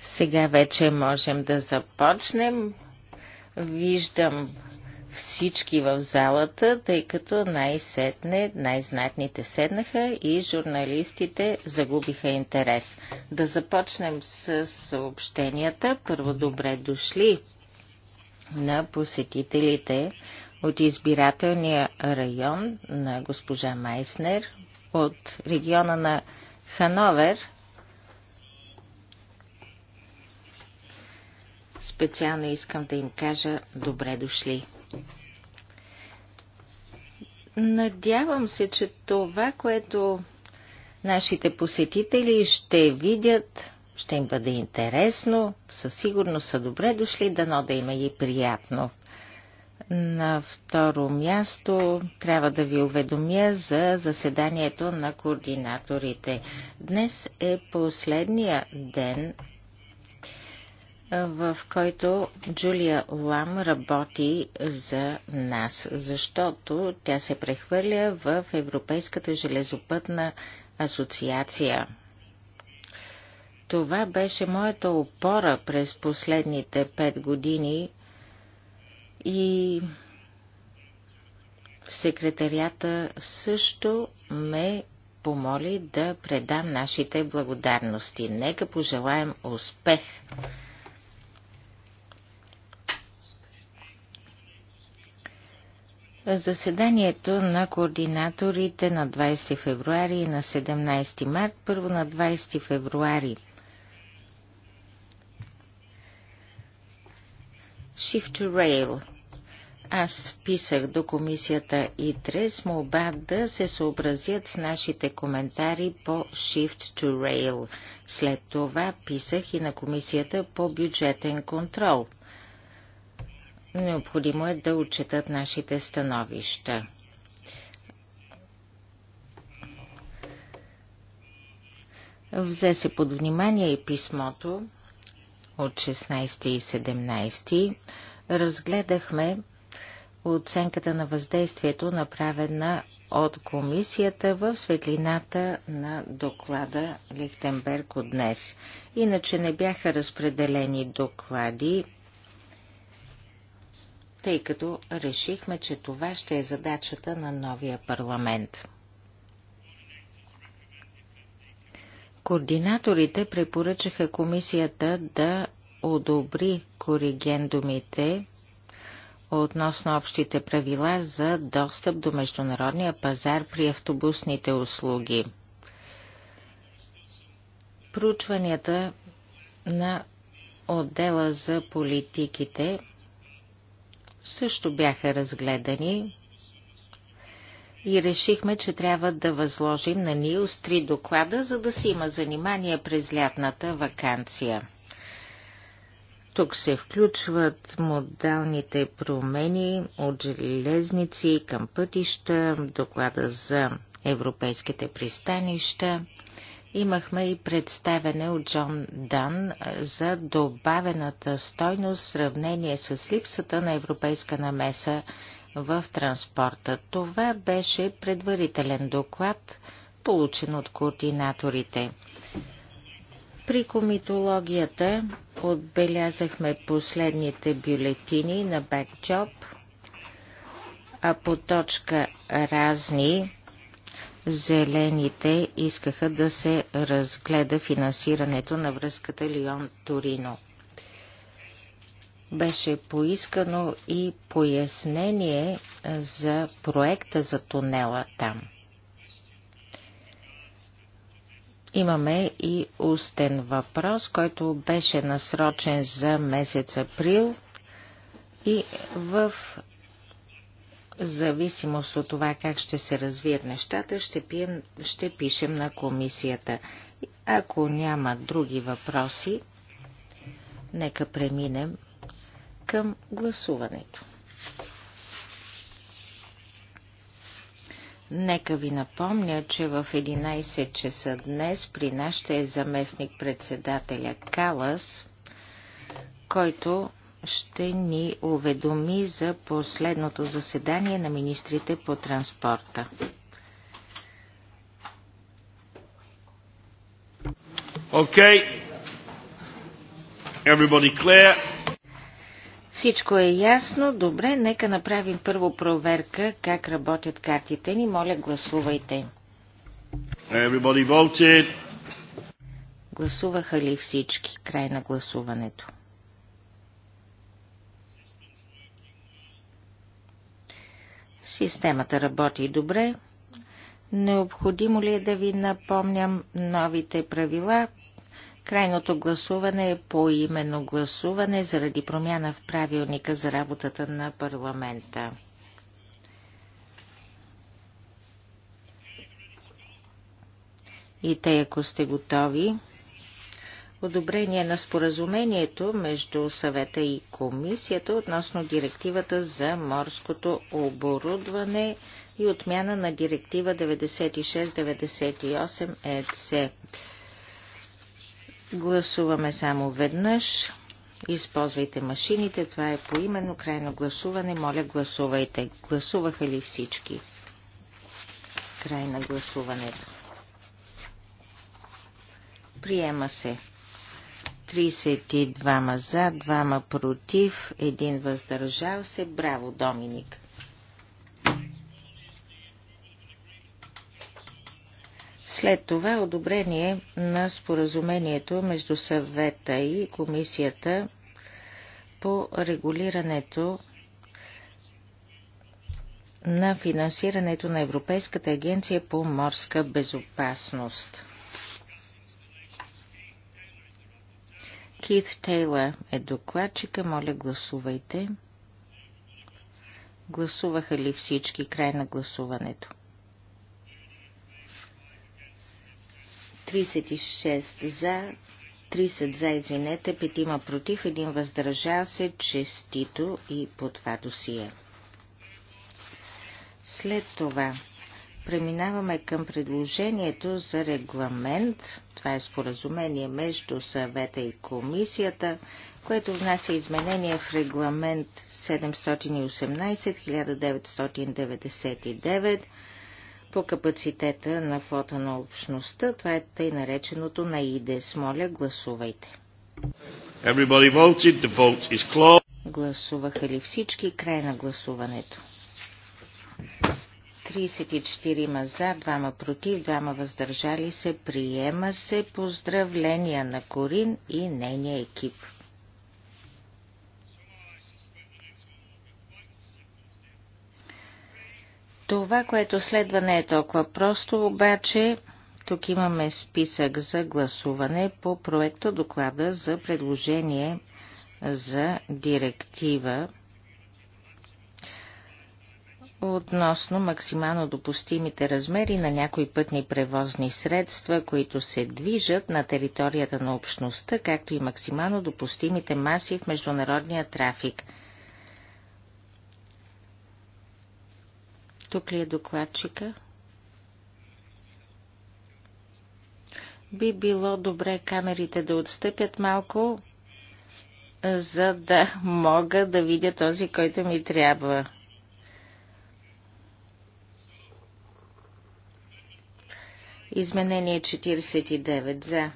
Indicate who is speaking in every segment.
Speaker 1: Сега вече можем да започнем. Виждам всички в залата, тъй като най-сетне, най-знатните седнаха и журналистите загубиха интерес. Да започнем с съобщенията. Първо добре дошли на посетителите от избирателния район на госпожа Майснер от региона на Хановер специално искам да им кажа добре дошли. Надявам се, че това, което нашите посетители ще видят, ще им бъде интересно, със сигурност са добре дошли, дано да има е и приятно. На второ място трябва да ви уведомя за заседанието на координаторите. Днес е последния ден, в който Джулия Лам работи за нас, защото тя се прехвърля в Европейската железопътна асоциация. Това беше моята опора през последните пет години – и секретарията също ме помоли да предам нашите благодарности. Нека пожелаем успех! Заседанието на координаторите на 20 февруари и на 17 март, първо на 20 февруари. Shift to Rail – аз писах до комисията ИТРЕ с молба да се съобразят с нашите коментари по Shift to Rail. След това писах и на комисията по бюджетен контрол. Необходимо е да отчитат нашите становища. Взе се под внимание и писмото от 16 и 17. Разгледахме оценката на въздействието, направена от комисията в светлината на доклада Лихтенберг от днес. Иначе не бяха разпределени доклади, тъй като решихме, че това ще е задачата на новия парламент. Координаторите препоръчаха комисията да одобри коригендумите относно общите правила за достъп до международния пазар при автобусните услуги. Проучванията на отдела за политиките също бяха разгледани и решихме, че трябва да възложим на с три доклада, за да си има занимание през лятната вакансия. Тук се включват модалните промени от железници към пътища, доклада за европейските пристанища. Имахме и представене от Джон Дан за добавената стойност в сравнение с липсата на европейска намеса в транспорта. Това беше предварителен доклад, получен от координаторите. При комитологията Отбелязахме последните бюлетини на Бекджоб, а по точка разни зелените искаха да се разгледа финансирането на връзката Лион-Торино. Беше поискано и пояснение за проекта за тунела там – Имаме и устен въпрос, който беше насрочен за месец април и в зависимост от това как ще се развият нещата, ще, пием, ще пишем на комисията. Ако няма други въпроси, нека преминем към гласуването. Нека ви напомня, че в 11 часа днес при нас ще е заместник председателя Калас, който ще ни уведоми за последното заседание на министрите по транспорта. Okay.
Speaker 2: Everybody clear?
Speaker 1: Всичко е ясно. Добре, нека направим първо проверка как работят картите ни. Моля, гласувайте. Гласуваха ли всички? Край на гласуването. Системата работи добре. Необходимо ли е да ви напомням новите правила? Крайното гласуване е по именно гласуване заради промяна в правилника за работата на парламента. И тъй, ако сте готови, одобрение на споразумението между съвета и комисията относно директивата за морското оборудване и отмяна на директива 96-98 ЕЦ. Гласуваме само веднъж. Използвайте машините. Това е поименно крайно гласуване. Моля, гласувайте. Гласуваха ли всички? Край на гласуването. Приема се. 32 за, 2 против, 1 въздържал се. Браво, Доминик! След това одобрение на споразумението между съвета и комисията по регулирането на финансирането на Европейската агенция по морска безопасност. Кит Тейлър е докладчика. Моля, гласувайте. Гласуваха ли всички край на гласуването? 36 за, 30 за, извинете, 5 против, 1 въздържал се, честито и по това досие. След това преминаваме към предложението за регламент. Това е споразумение между съвета и комисията, което внася изменение в регламент 718-1999 по капацитета на флота на общността. Това е тъй нареченото на ИДЕС. Моля, гласувайте. Гласуваха ли всички? Край на гласуването. 34 ма за, 2 ма против, 2 ма въздържали се. Приема се поздравления на Корин и нейния екип. Това, което следва не е толкова просто, обаче тук имаме списък за гласуване по проекта доклада за предложение за директива относно максимално допустимите размери на някои пътни превозни средства, които се движат на територията на общността, както и максимално допустимите маси в международния трафик – Тук ли е докладчика? Би било добре камерите да отстъпят малко, за да мога да видя този, който ми трябва. Изменение 49 за,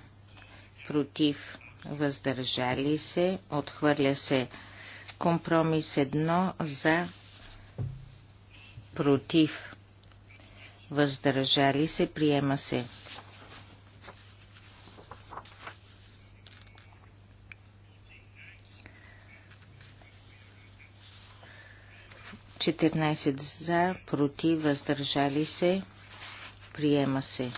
Speaker 1: против, въздържали се, отхвърля се. Компромис 1 за, против, въздържали се, приема се. Четирнайсет за, против, въздържали се, приема се.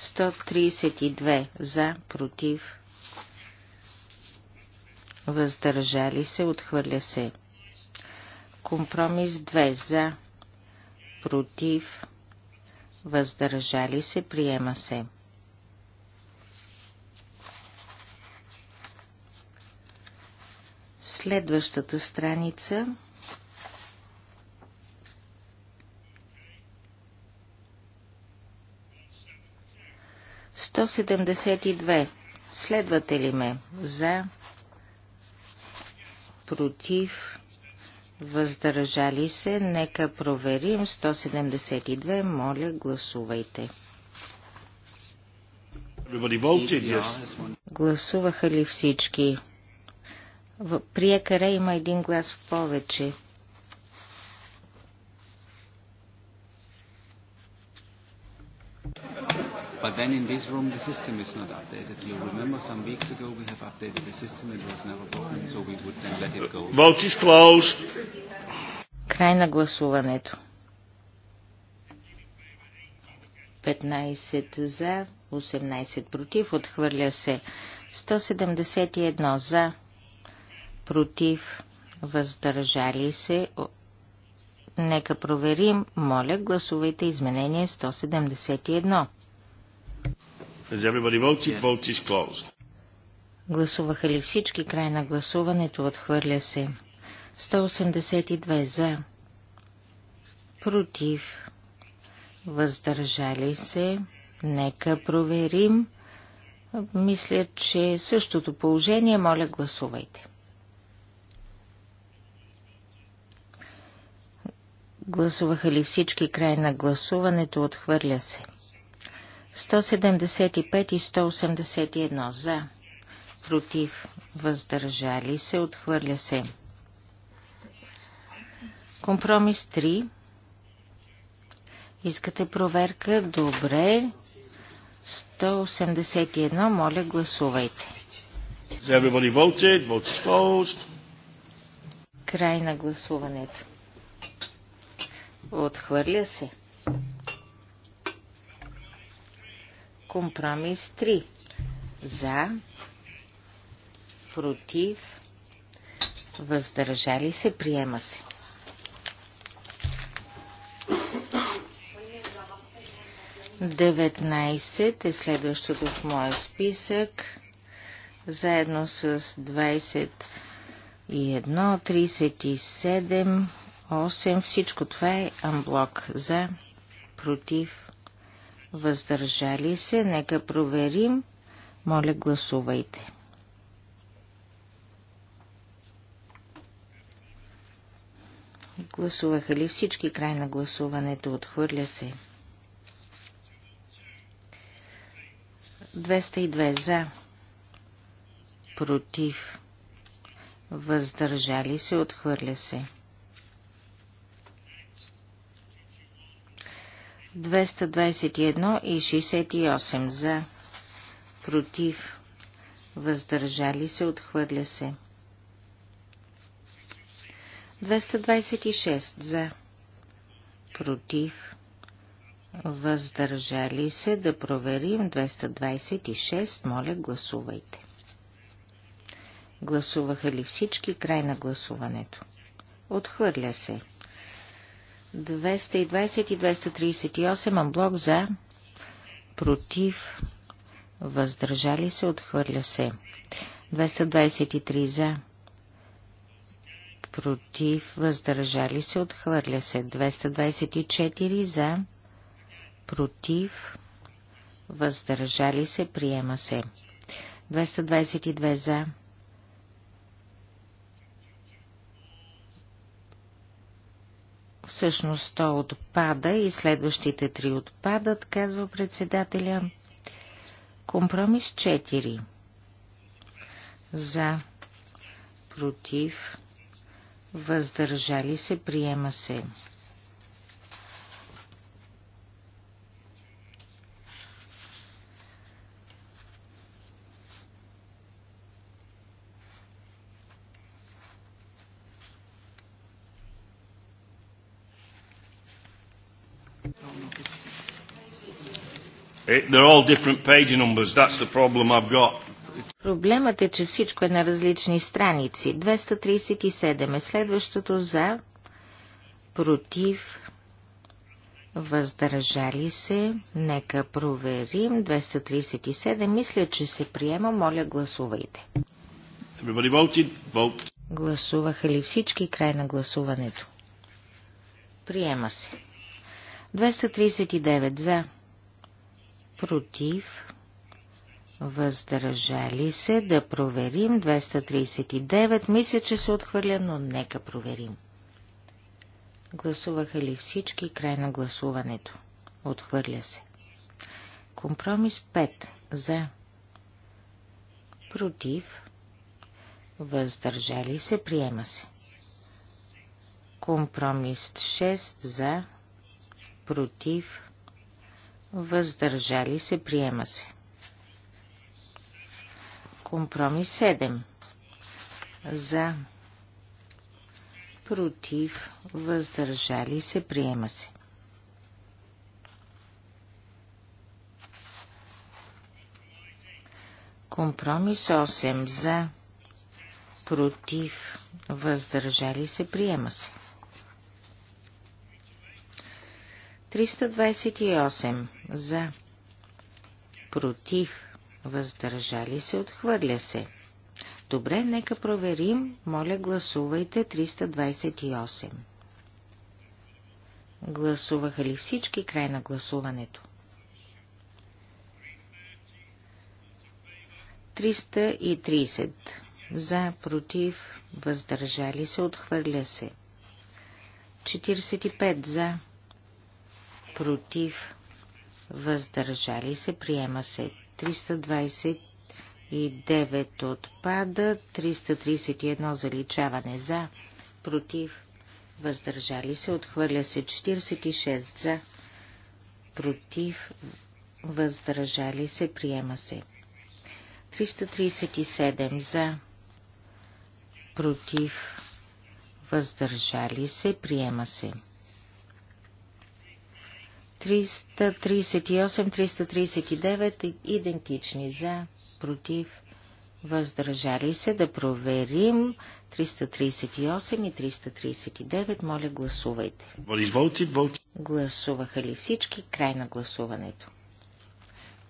Speaker 1: 132 за, против, въздържали се, отхвърля се. Компромис 2 за, против, въздържали се, приема се. Следващата страница Сто седемдесет и две. Следвате ли ме? За, против, въздържали се, нека проверим 172, моля
Speaker 2: гласувайте.
Speaker 1: Гласуваха ли всички? В прие има един глас в повече.
Speaker 2: then in this room the system is not updated. You remember some weeks ago we have updated the system, it was never broken, so we would then let it go. Vote is closed.
Speaker 1: Край на гласуването. 15 за, 18 против, отхвърля се. 171 за, против, въздържали се. Нека проверим. Моля, гласувайте изменение 171. Гласуваха ли всички? Край на гласуването отхвърля се. 182 за. Против. Въздържали се. Нека проверим. Мисля, че същото положение. Моля, гласувайте. Гласуваха ли всички край на гласуването? Отхвърля се. 175 и 181 за, против, въздържали се, отхвърля се. Компромис 3. Искате проверка? Добре. 181, моля гласувайте. Край на гласуването. Отхвърля се. Компромис 3. За, против, въздържали се, приема се. Деветнайсет е следващото в моя списък, заедно с 21, 37, 8. Всичко това е амблок за, против, въздържали се. Нека проверим. Моля, гласувайте. Гласуваха ли всички край на гласуването? Отхвърля се. 202 за. Против. Въздържали се. Отхвърля се. 221 и 68 за, против, въздържали се, отхвърля се. 226 за, против, въздържали се, да проверим 226, моля гласувайте. Гласуваха ли всички край на гласуването? Отхвърля се. 227. 220 и 238 амблок за, против, въздържали се, отхвърля се. 223 за, против, въздържали се, отхвърля се. 224 за, против, въздържали се, приема се. 222 за, Всъщност то отпада и следващите три отпадат, казва председателя. Компромис 4. За. Против. Въздържали се. Приема се. Eh, Проблемът е, че всичко е на различни страници. 237 е следващото за, против, въздържали се. Нека проверим. 237. Мисля, че се приема. Моля, гласувайте.
Speaker 2: Voted. Vote.
Speaker 1: Гласуваха ли всички край на гласуването?
Speaker 2: Приема се.
Speaker 1: 239 за против, въздържали се, да проверим 239. Мисля, че се отхвърля, но нека проверим. Гласуваха ли всички край на гласуването? Отхвърля се. Компромис 5. За. Против. Въздържали се. Приема се. Компромис 6. За. Против въздържали се, приема се. Компромис 7. За, против, въздържали се, приема се. Компромис 8. За, против, въздържали се, приема се. 328 за, против, въздържали се, отхвърля се. Добре, нека проверим. Моля, гласувайте 328. Гласуваха ли всички край на гласуването? 330 за, против, въздържали се, отхвърля се. 45 за, против, въздържали се, приема се 329 отпада, 331 заличаване за, против, въздържали се, отхвърля се 46 за, против, въздържали се, приема се 337 за, против, въздържали се, приема се. 338-339 идентични за, против, въздържали се да проверим 338 и 339. Моля, гласувайте. Гласуваха ли всички? Край на гласуването.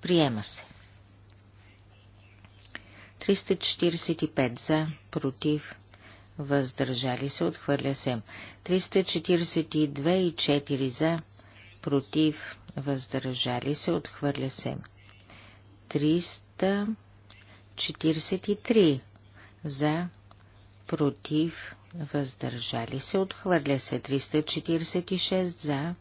Speaker 1: Приема се. 345 за, против, въздържали се, отхвърля се. 342 и 4 за, против, въздържали се, отхвърля се. 343 за, против, въздържали се, отхвърля се. 346 за,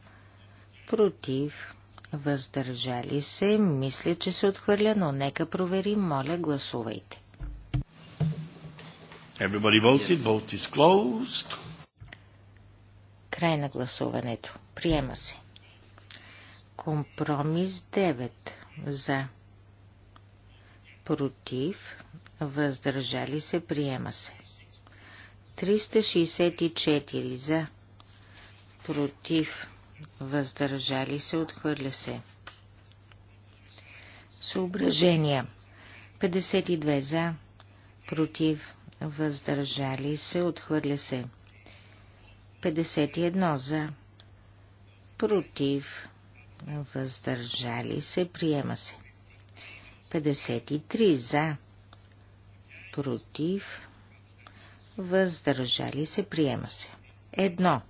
Speaker 1: против, въздържали се, мисля, че се отхвърля, но нека проверим, моля, гласувайте.
Speaker 2: Everybody voted, vote is closed.
Speaker 1: Край на гласуването. Приема се. Компромис 9 за. Против. Въздържали се. Приема се. 364 за. Против. Въздържали се. Отхвърля се. Съображения. 52 за. Против. Въздържали се. Отхвърля се. 51 за. Против въздържали се, приема се. 53 за, против, въздържали се, приема се. Едно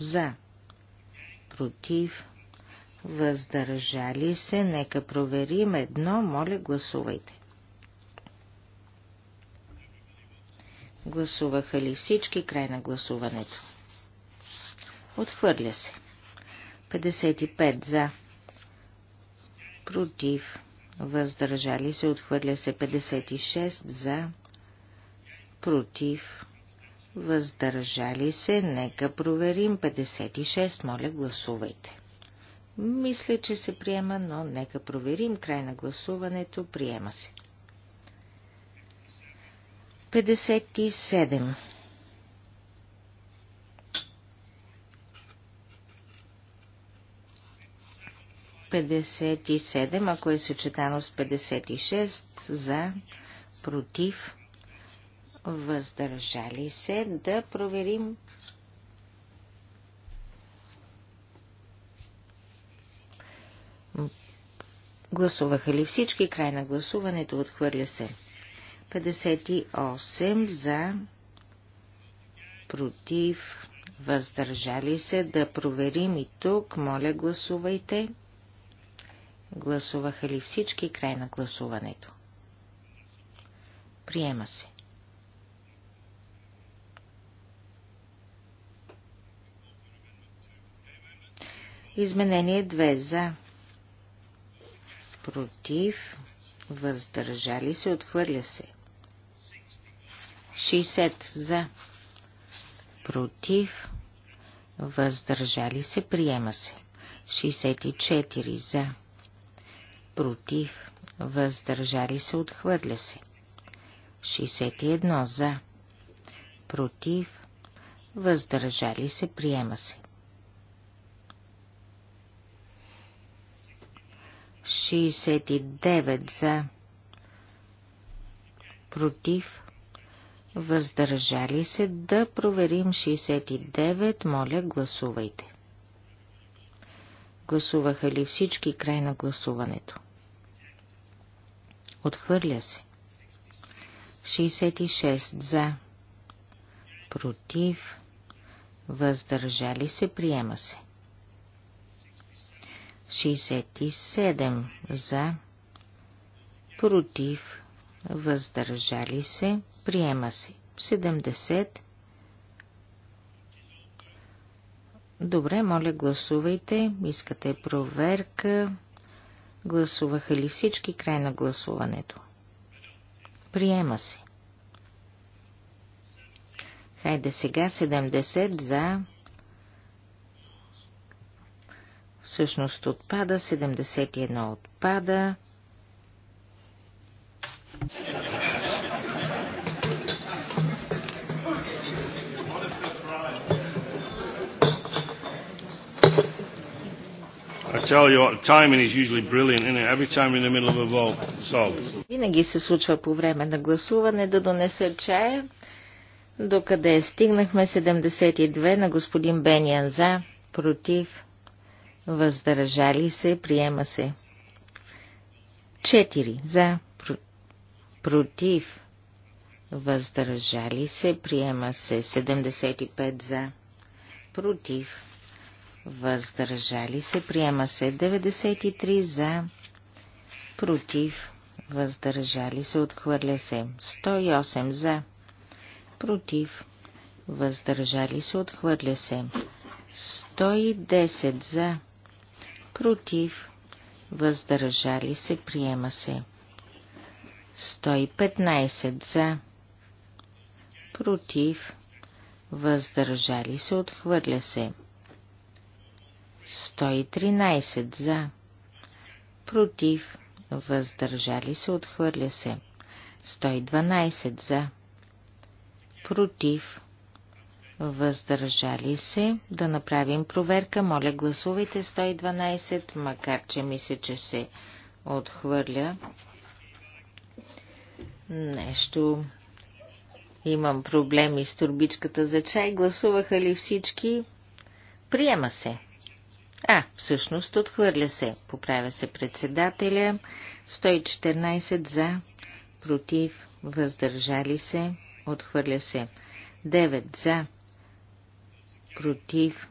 Speaker 1: за, против, въздържали се, нека проверим едно, моля гласувайте. Гласуваха ли всички край на гласуването? Отхвърля се. 55 за. Против. Въздържали се. Отхвърля се 56 за. Против. Въздържали се. Нека проверим 56. Моля, гласувайте. Мисля, че се приема, но нека проверим. Край на гласуването. Приема се. 57 57, ако е съчетано с 56, за, против, въздържали се. Да проверим. Гласуваха ли всички? Край на гласуването отхвърля се. 58 за, против, въздържали се. Да проверим и тук. Моля, гласувайте. Гласуваха ли всички край на гласуването? Приема се. Изменение 2 за. Против. Въздържали се. Отхвърля се. 60 за. Против. Въздържали се. Приема се. 64 за против, въздържали се, отхвърля се. 61 за, против, въздържали се, приема се. 69 за, против, въздържали се, да проверим 69, моля гласувайте. Гласуваха ли всички край на гласуването? Отхвърля се. 66 за. Против. Въздържали се. Приема се. 67 за. Против. Въздържали се. Приема се. 70 Добре, моля гласувайте. Искате проверка. Гласуваха ли всички край на гласуването? Приема се. Хайде сега 70 за. Всъщност отпада, 71 отпада.
Speaker 2: I tell you, timing is usually brilliant, isn't it? Every time in the middle of a vote. So.
Speaker 1: Винаги се случва по време на гласуване да донеса чая. Докъде стигнахме 72 на господин Бениан за, против, въздържали се, приема се. 4 за, против, въздържали се, приема се. 75 за, против, въздържали се, приема се 93 за, против, въздържали се, отхвърля се 108 за, против, въздържали се, отхвърля се 110 за, против, въздържали се, приема се 115 за, против, въздържали се, отхвърля се 113 за, против, въздържали се, отхвърля се. 112 за, против, въздържали се. Да направим проверка. Моля, гласувайте 112, макар че мисля, че се отхвърля. Нещо. Имам проблеми с турбичката за чай. Гласуваха ли всички? Приема се. А, всъщност отхвърля се. Поправя се председателя. 114 за, против, въздържали се, отхвърля се. 9 за, против,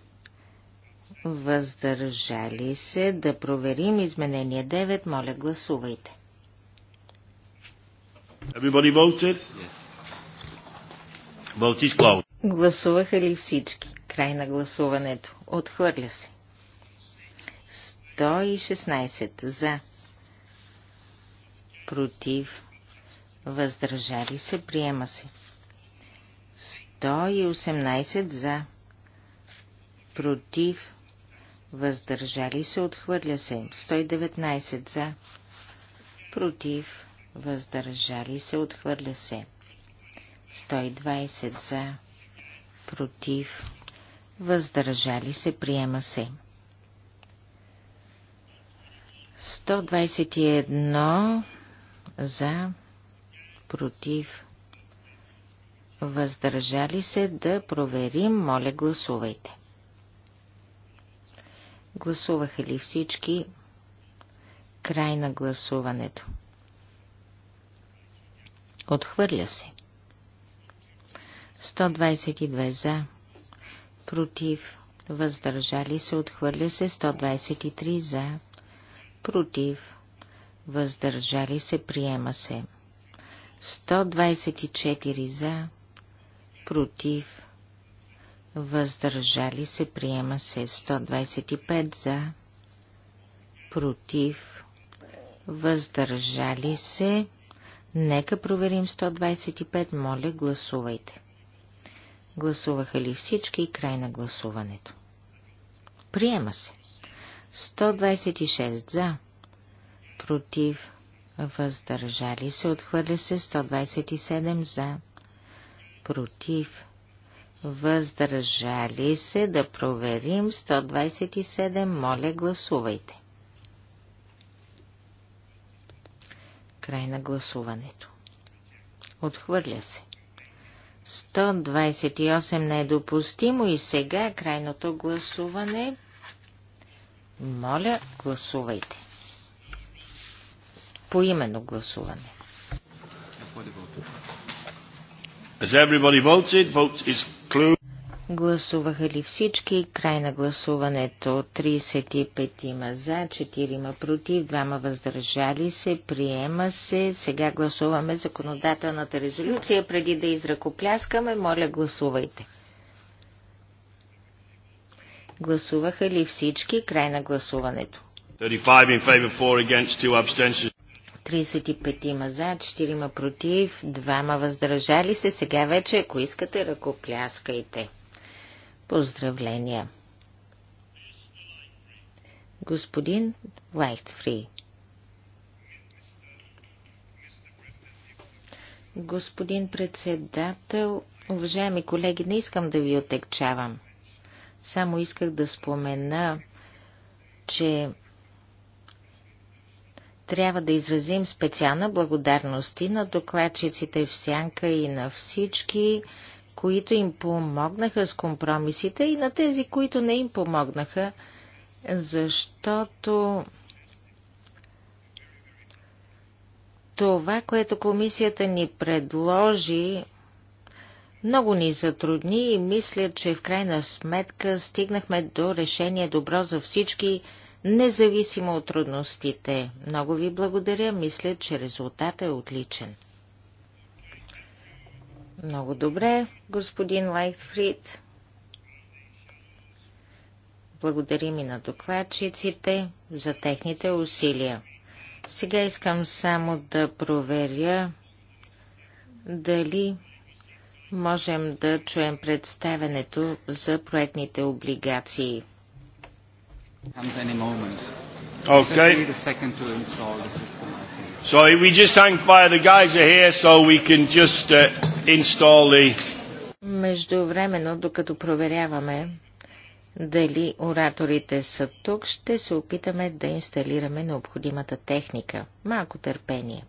Speaker 1: въздържали се. Да проверим изменение 9. Моля, гласувайте.
Speaker 2: Everybody voted? Yes. Vote is closed.
Speaker 1: Гласуваха ли всички? Край на гласуването. Отхвърля се. 116 за, против, въздържали се, приема се. 118 за, против, въздържали се, отхвърля се. 119 за, против, въздържали се, отхвърля се. 120 за, против, въздържали се, приема се. 121 за, против, въздържали се да проверим, моля гласувайте. Гласуваха ли всички? Край на гласуването. Отхвърля се. 122 за, против, въздържали се, отхвърля се, 123 за, против, въздържали се, приема се. 124 за, против, въздържали се, приема се. 125 за, против, въздържали се. Нека проверим 125, моля, гласувайте. Гласуваха ли всички и край на гласуването? Приема се. 126 за, против, въздържали се, отхвърля се 127 за, против, въздържали се, да проверим 127, моля гласувайте. Край на гласуването. Отхвърля се. 128 не е допустимо и сега крайното гласуване моля, гласувайте. По именно гласуване. Гласуваха ли всички? Край на гласуването 35 има за, 4 има против, 2 въздържали се, приема се. Сега гласуваме законодателната резолюция. Преди да изръкопляскаме, моля гласувайте. Гласуваха ли всички? Край на гласуването.
Speaker 2: 35
Speaker 1: има за, 4 ма против, 2 ма въздържали се. Сега вече, ако искате, ръкопляскайте. Поздравления! Господин Лайтфри. Господин председател, уважаеми колеги, не искам да ви отекчавам. Само исках да спомена, че трябва да изразим специална благодарност и на докладчиците в Сянка и на всички, които им помогнаха с компромисите и на тези, които не им помогнаха, защото това, което комисията ни предложи, много ни затрудни и мисля, че в крайна сметка стигнахме до решение добро за всички, независимо от трудностите. Много ви благодаря, мисля, че резултатът е отличен. Много добре, господин Лайтфрид. Благодарим и на докладчиците за техните усилия. Сега искам само да проверя дали можем да чуем представенето за проектните
Speaker 2: облигации.
Speaker 3: Okay.
Speaker 2: So we just hang fire. The guys are here, so we can just uh, install the.
Speaker 1: Междувременно, докато проверяваме дали ораторите са тук, ще се опитаме да инсталираме необходимата техника. Малко търпение.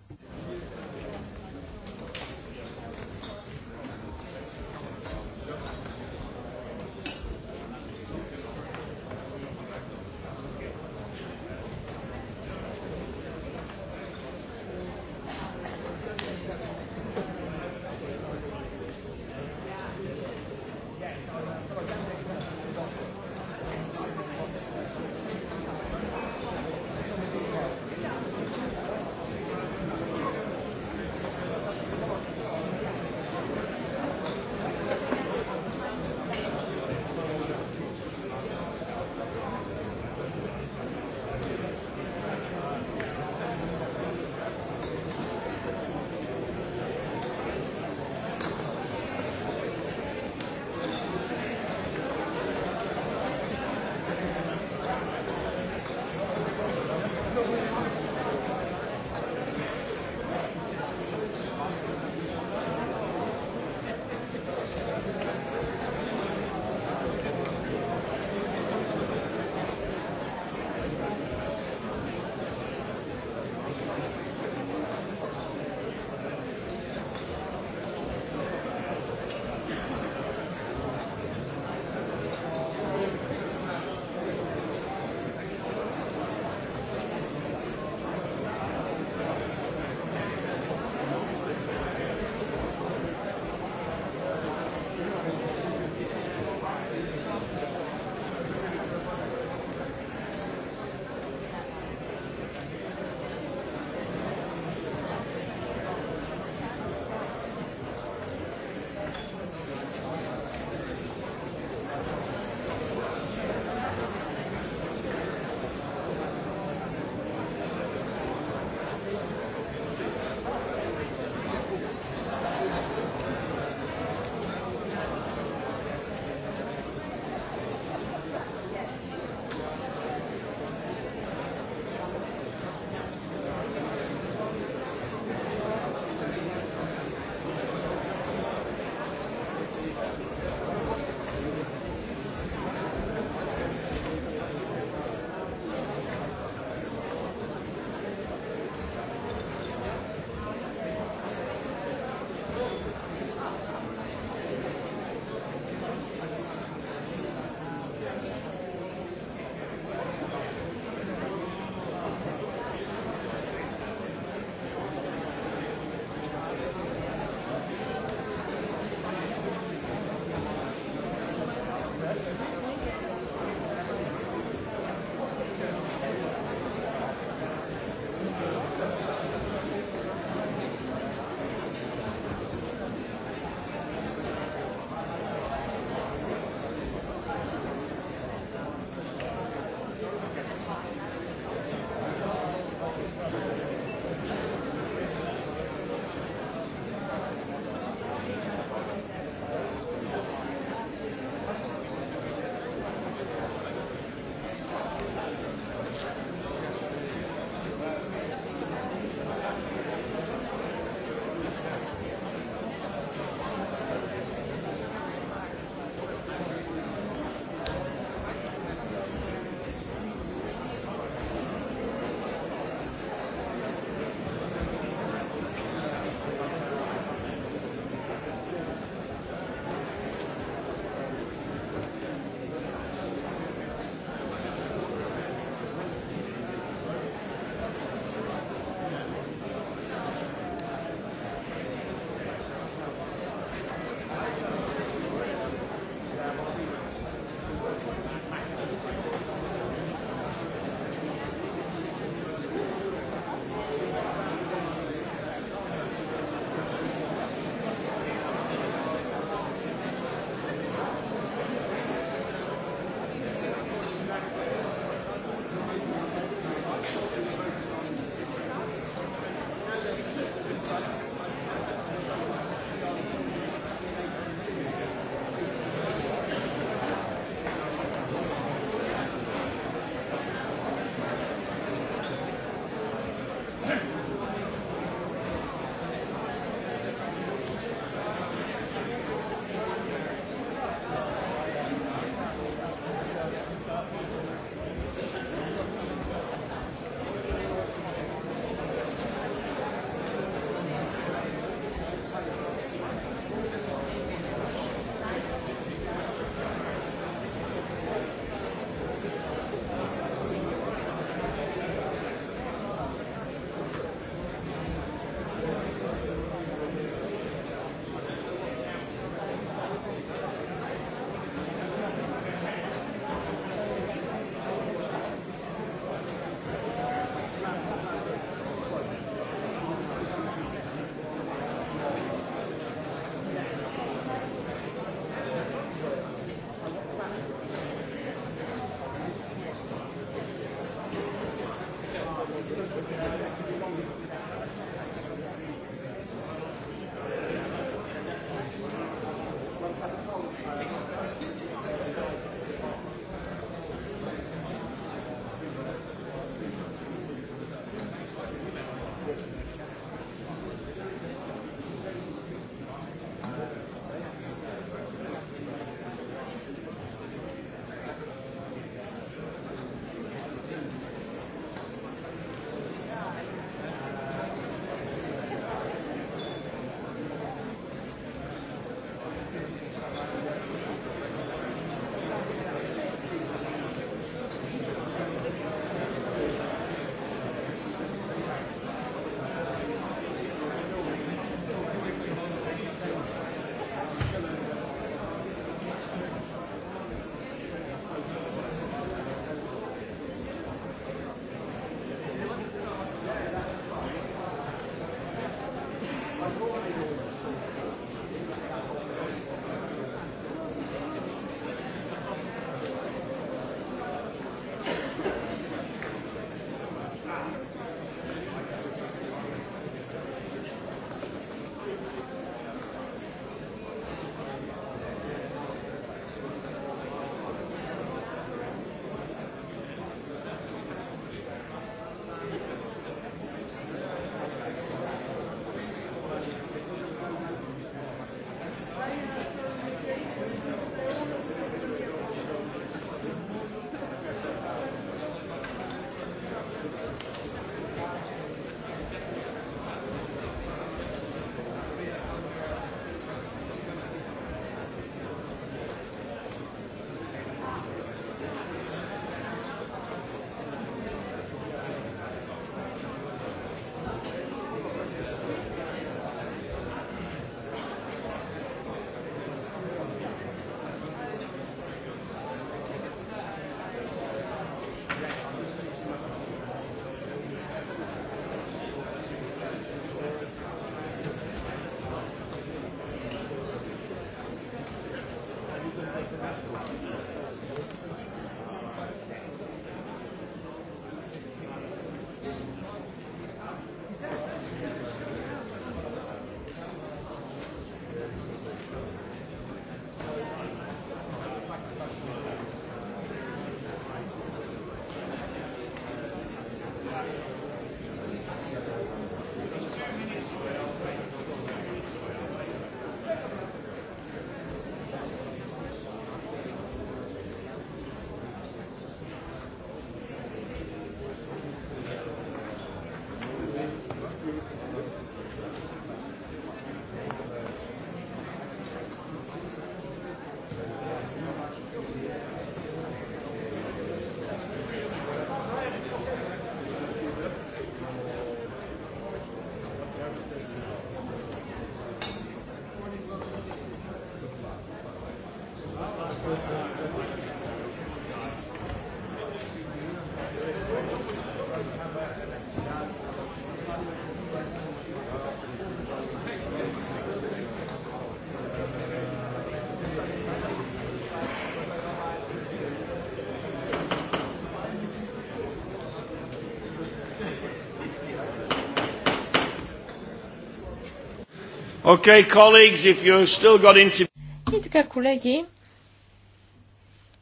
Speaker 2: Okay, colleagues, if you're still got into...
Speaker 4: И така, колеги,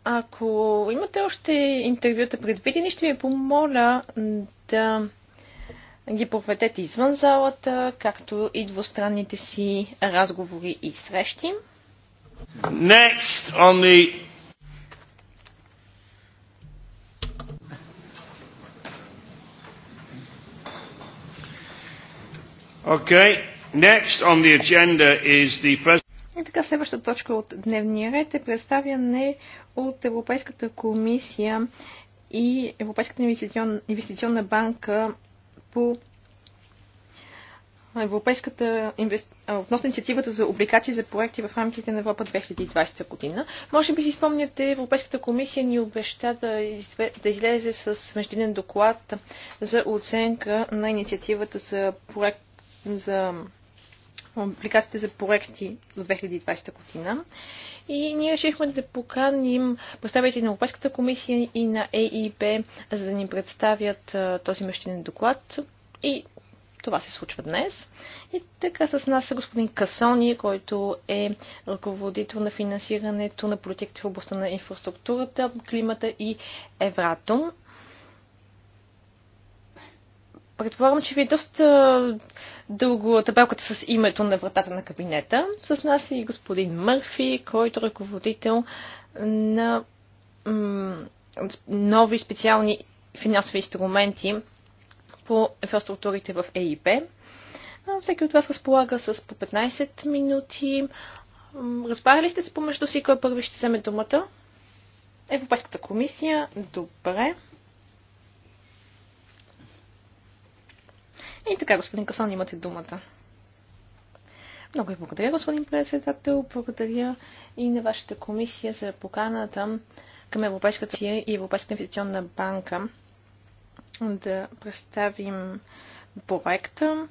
Speaker 4: ако имате още интервюта предвидени, ще ви помоля да ги проведете извън залата, както и двустранните си разговори и срещи.
Speaker 2: Next on the Okay. Next on the agenda is the
Speaker 4: и така, следващата точка от дневния ред е представяне от Европейската комисия и Европейската инвестицион... инвестиционна банка по Европейската инвест... относно инициативата за обликации за проекти в рамките на Европа 2020 година. Може би си спомняте, Европейската комисия ни обеща да, изве... да излезе с междинен доклад за оценка на инициативата за проект за публикациите за проекти до 2020 година. И ние решихме да поканим представители на Европейската комисия и на ЕИБ, за да ни представят този мъщинен доклад. И това се случва днес. И така с нас е господин Касони, който е ръководител на финансирането на политиките в областта на инфраструктурата, климата и Евратом. Предполагам, че ви е доста дълго табелката с името на вратата на кабинета. С нас е и господин Мърфи, който е ръководител на нови специални финансови инструменти по инфраструктурите в ЕИП. Всеки от вас разполага с по 15 минути. Разбрали сте се помежду си кой първи ще вземе думата? Европейската комисия. Добре. И така, господин Касон, имате думата. Много ви благодаря, господин председател. Благодаря и на вашата комисия за поканата към Европейската сия и Европейската инвестиционна банка да представим проекта,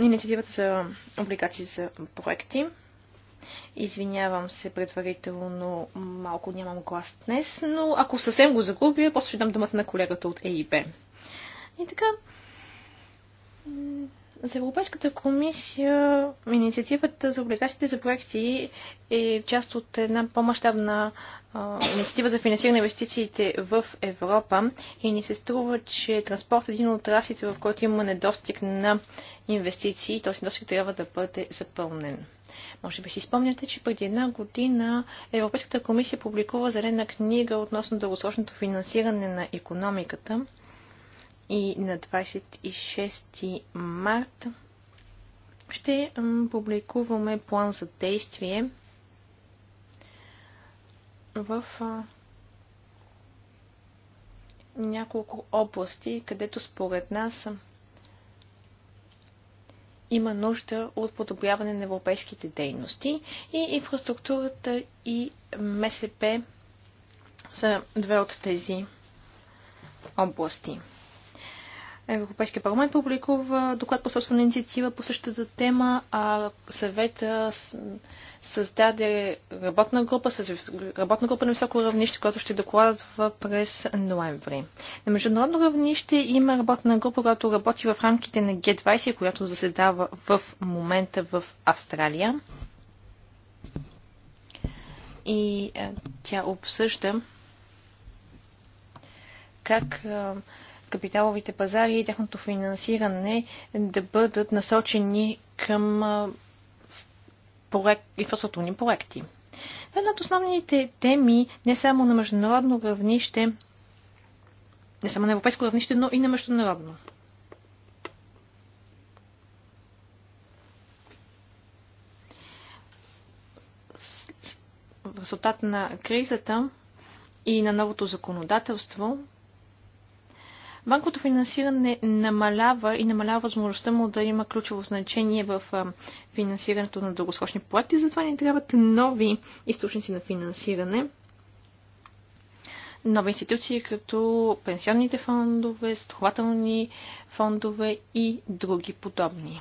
Speaker 4: инициативата за облигации за проекти. Извинявам се предварително, малко нямам глас днес, но ако съвсем го загубя, просто ще дам думата на колегата от ЕИБ. И така, за Европейската комисия инициативата за облигациите за проекти е част от една по-масштабна инициатива за финансиране на инвестициите в Европа и ни се струва, че транспорт е един от отраслите, в който има недостиг на инвестиции, т.е. недостиг трябва да бъде запълнен. Може би си спомняте, че преди една година Европейската комисия публикува зелена книга относно дългосрочното финансиране на економиката и на 26 март ще публикуваме план за действие в няколко области, където според нас има нужда от подобряване на европейските дейности и инфраструктурата и МСП са две от тези области. Европейския парламент публикува доклад по собствена инициатива по същата тема, а съвета създаде работна група, с работна група на високо равнище, която ще докладва през ноември. На международно равнище има работна група, която работи в рамките на Г20, която заседава в момента в Австралия. И е, тя обсъжда как е, капиталовите пазари и тяхното финансиране да бъдат насочени към проект, инфраструктурни проекти. Е една от основните теми не само на международно равнище, не само на европейско равнище, но и на международно. В резултат на кризата и на новото законодателство, Банковото финансиране намалява и намалява възможността му да има ключово значение в финансирането на дългосрочни проекти, затова ни трябват нови източници на финансиране, нови институции, като пенсионните фондове, страхователни фондове и други подобни.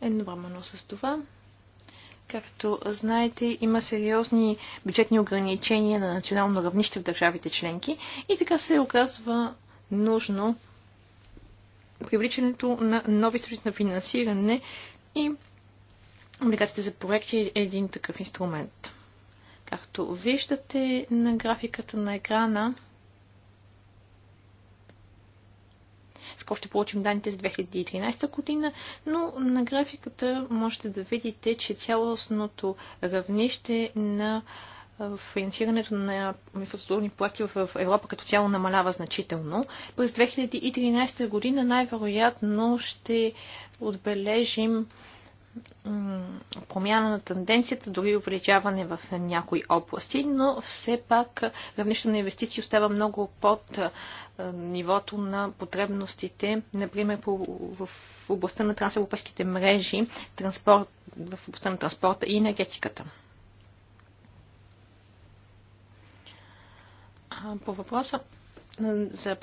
Speaker 4: Едновременно с това Както знаете, има сериозни бюджетни ограничения на национално равнище в държавите членки и така се оказва нужно привличането на нови средства на финансиране и облигациите за проекти е един такъв инструмент. Както виждате на графиката на екрана, скоро ще получим данните за 2013 година, но на графиката можете да видите, че цялостното равнище на финансирането на инфраструктурни проекти в Европа като цяло намалява значително. През 2013 година най-вероятно ще отбележим промяна на тенденцията, дори увеличаване в някои области, но все пак равнището на инвестиции остава много под нивото на потребностите, например в областта на трансевропейските мрежи, транспорт, в областта на транспорта и енергетиката. По въпроса за,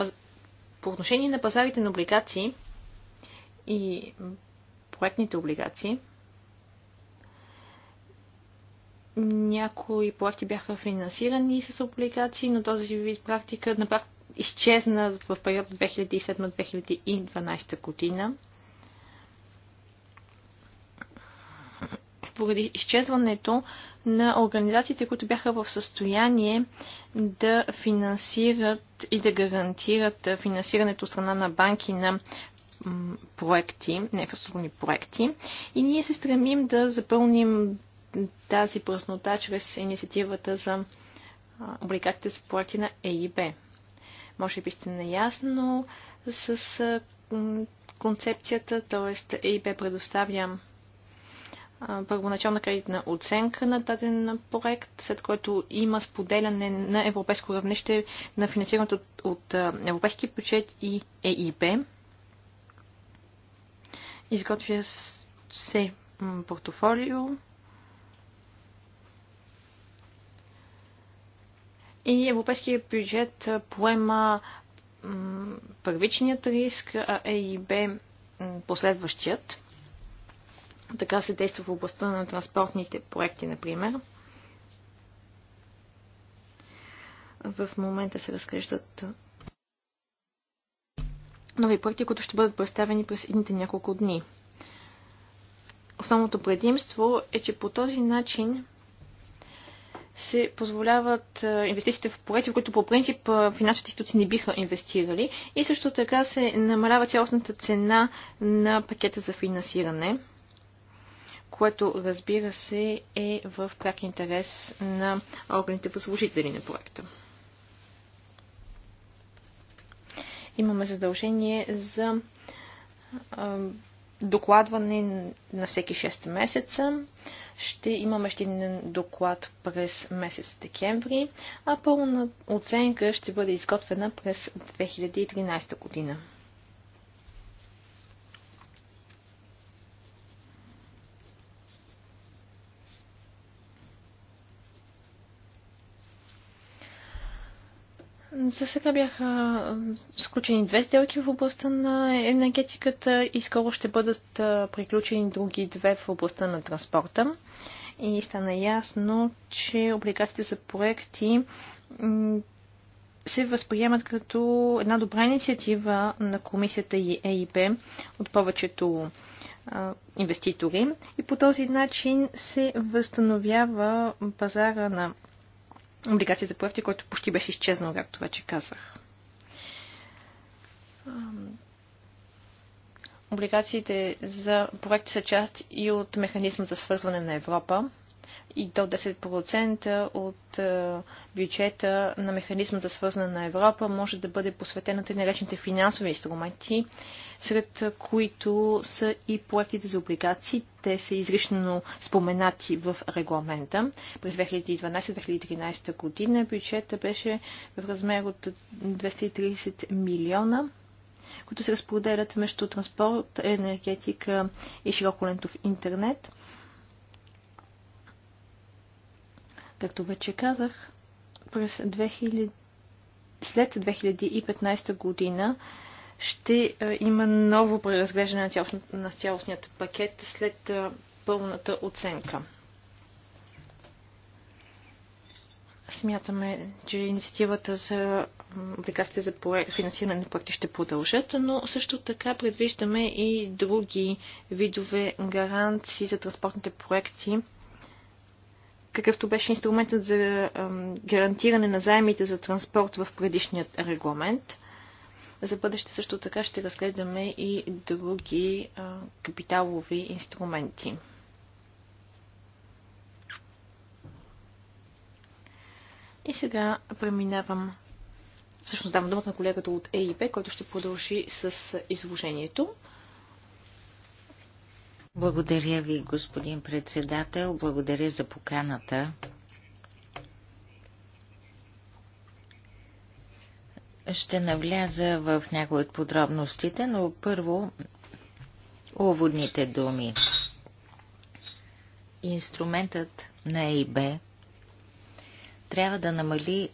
Speaker 4: по отношение на пазарите на облигации и проектните облигации. Някои проекти бяха финансирани с облигации, но този вид практика на изчезна в период 2007-2012 година. Поради изчезването на организациите, които бяха в състояние да финансират и да гарантират финансирането от страна на банки на проекти, инфраструктурни проекти. И ние се стремим да запълним тази пръснота чрез инициативата за облигатите за проекти на ЕИБ. Може би сте наясно с концепцията, т.е. ЕИБ предоставя първоначална кредитна оценка на даден проект, след което има споделяне на европейско равнище на финансирането от европейски бюджет и ЕИБ. Изготвя се портофолио и европейския бюджет поема първичният риск, а Е и Б последващият. Така се действа в областта на транспортните проекти, например. В момента се разкрещат нови проекти, които ще бъдат представени през едните няколко дни. Основното предимство е, че по този начин се позволяват инвестициите в проекти, в които по принцип финансовите институции не биха инвестирали и също така се намалява цялостната цена на пакета за финансиране, което разбира се е в прак интерес на органите възложители на проекта. имаме задължение за докладване на всеки 6 месеца. Ще имаме ще доклад през месец декември, а пълна оценка ще бъде изготвена през 2013 година. За сега бяха сключени две сделки в областта на енергетиката и скоро ще бъдат приключени други две в областта на транспорта. И стана ясно, че облигациите за проекти се възприемат като една добра инициатива на комисията и ЕИБ от повечето инвеститори и по този начин се възстановява пазара на облигации за проекти, който почти беше изчезнал, както вече казах. Облигациите за проекти са част и от механизма за свързване на Европа и до 10% от е, бюджета на механизма за свързана на Европа може да бъде посветена на наречените финансови инструменти, сред които са и проектите за облигации. Те са изрично споменати в регламента. През 2012-2013 година бюджета беше в размер от 230 милиона които се разпределят между транспорт, енергетика и широколентов интернет. Както вече казах, през 2000... след 2015 година ще е, има ново преразглеждане на, цялостният пакет след е, пълната оценка. Смятаме, че инициативата за облигациите за финансиране на проекти ще продължат, но също така предвиждаме и други видове гаранции за транспортните проекти, какъвто беше инструментът за гарантиране на заемите за транспорт в предишният регламент. За бъдеще също така ще разгледаме и други капиталови инструменти. И сега преминавам, всъщност давам думата на колегата от ЕИБ, който ще продължи с изложението.
Speaker 1: Благодаря ви, господин председател. Благодаря за поканата. Ще навляза в някои от подробностите, но първо уводните думи. Инструментът на ЕИБ трябва да намали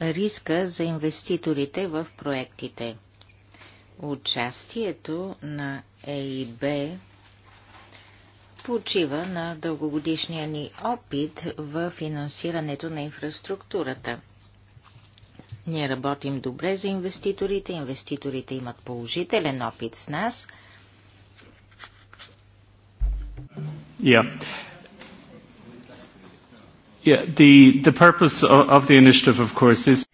Speaker 1: риска за инвеститорите в проектите. Участието на ЕИБ почива на дългогодишния ни опит в финансирането на инфраструктурата. Ние работим добре за инвеститорите, инвеститорите имат положителен опит с нас.
Speaker 2: Yeah. Yeah, the, the purpose of the initiative, of course, is...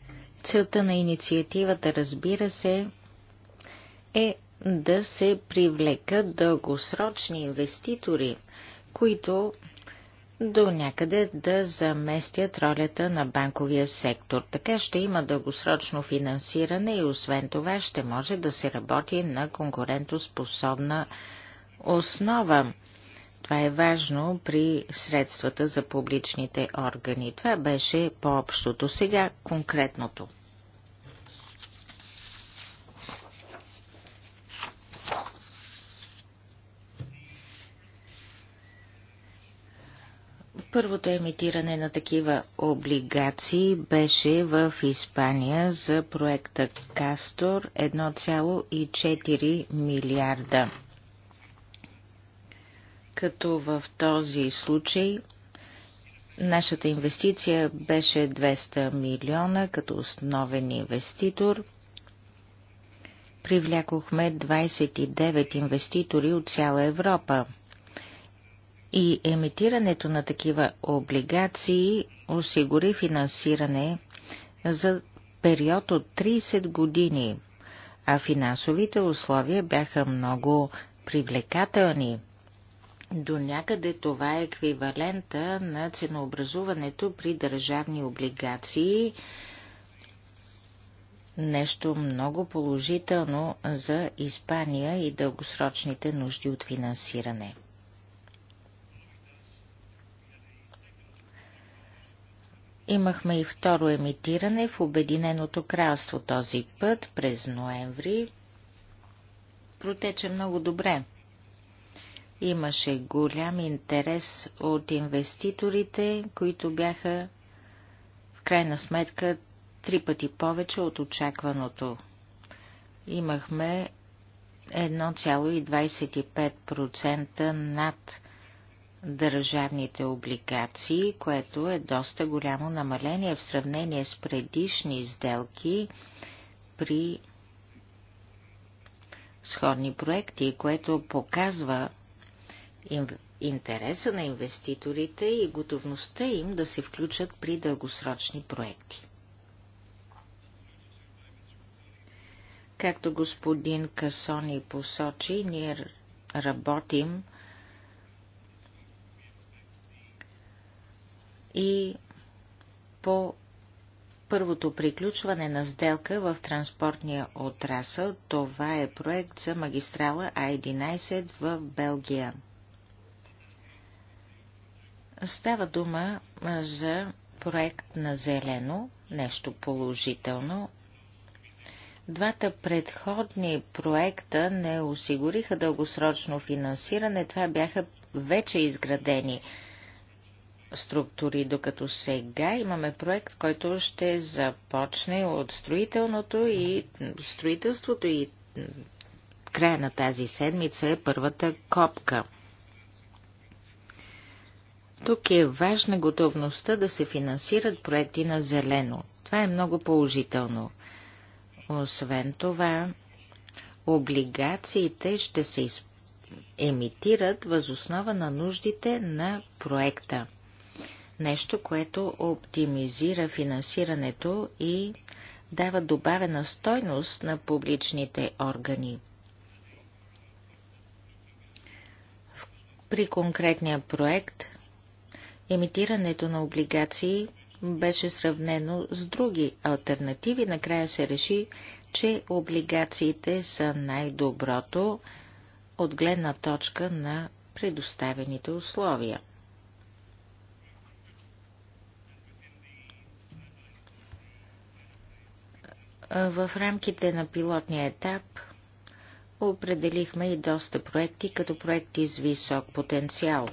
Speaker 1: Целта на инициативата, разбира се, е да се привлекат дългосрочни инвеститори, които до някъде да заместят ролята на банковия сектор. Така ще има дългосрочно финансиране и освен това ще може да се работи на конкурентоспособна основа. Това е важно при средствата за публичните органи. Това беше по-общото. Сега конкретното. Първото емитиране на такива облигации беше в Испания за проекта Кастор 1,4 милиарда. Като в този случай нашата инвестиция беше 200 милиона като основен инвеститор. Привлякохме 29 инвеститори от цяла Европа – и емитирането на такива облигации осигури финансиране за период от 30 години, а финансовите условия бяха много привлекателни. До някъде това е еквивалента на ценообразуването при държавни облигации, нещо много положително за Испания и дългосрочните нужди от финансиране. Имахме и второ емитиране в Обединеното кралство този път през ноември. Протече много добре. Имаше голям интерес от инвеститорите, които бяха в крайна сметка три пъти повече от очакваното. Имахме 1,25% над държавните облигации, което е доста голямо намаление в сравнение с предишни сделки при сходни проекти, което показва интереса на инвеститорите и готовността им да се включат при дългосрочни проекти. Както господин Касони посочи, ние работим и по първото приключване на сделка в транспортния отрасъл. Това е проект за магистрала А11 в Белгия. Става дума за проект на зелено, нещо положително. Двата предходни проекта не осигуриха дългосрочно финансиране, това бяха вече изградени структури, докато сега имаме проект, който ще започне от строителното и строителството и края на тази седмица е първата копка. Тук е важна готовността да се финансират проекти на зелено. Това е много положително. Освен това, облигациите ще се емитират възоснова на нуждите на проекта нещо, което оптимизира финансирането и дава добавена стойност на публичните органи. При конкретния проект емитирането на облигации беше сравнено с други альтернативи. Накрая се реши, че облигациите са най-доброто от гледна точка на предоставените условия. В рамките на пилотния етап определихме и доста проекти като проекти с висок потенциал.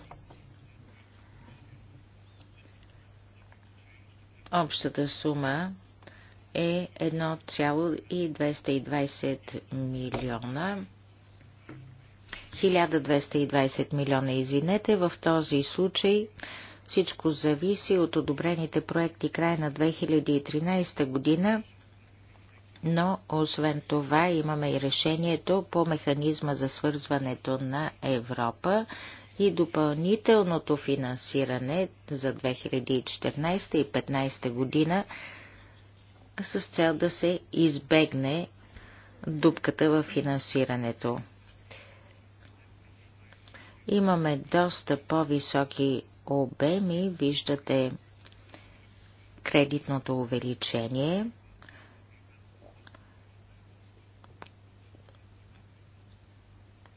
Speaker 1: Общата сума е 1,220 милиона. 1220 милиона, извинете, в този случай всичко зависи от одобрените проекти края на 2013 година – но освен това имаме и решението по механизма за свързването на Европа и допълнителното финансиране за 2014 и 2015 година с цел да се избегне дупката в финансирането. Имаме доста по-високи обеми, виждате кредитното увеличение –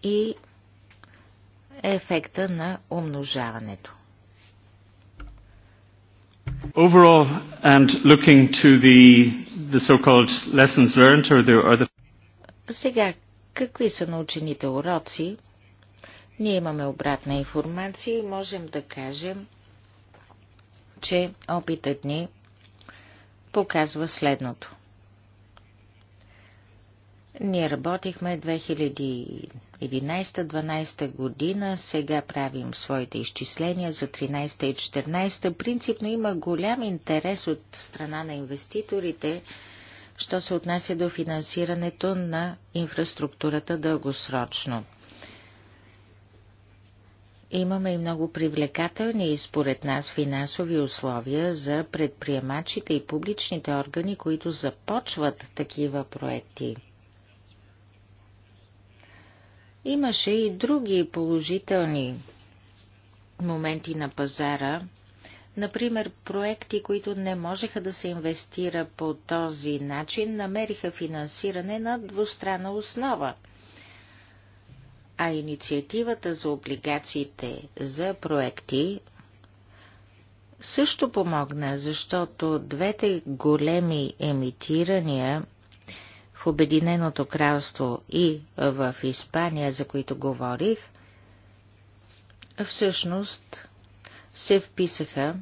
Speaker 1: и ефекта на умножаването.
Speaker 2: Overall, and looking to the, the so-called lessons learned or the, or the...
Speaker 1: Сега, какви са научените уроци? Ние имаме обратна информация и можем да кажем, че опитът ни показва следното. Ние работихме 2011-2012 година, сега правим своите изчисления за 2013 и 2014. Принципно има голям интерес от страна на инвеститорите, що се отнася до финансирането на инфраструктурата дългосрочно. Имаме и много привлекателни и според нас финансови условия за предприемачите и публичните органи, които започват такива проекти – Имаше и други положителни моменти на пазара, Например, проекти, които не можеха да се инвестира по този начин, намериха финансиране на двустранна основа. А инициативата за облигациите за проекти също помогна, защото двете големи емитирания – в Обединеното кралство и в Испания, за които говорих, всъщност се вписаха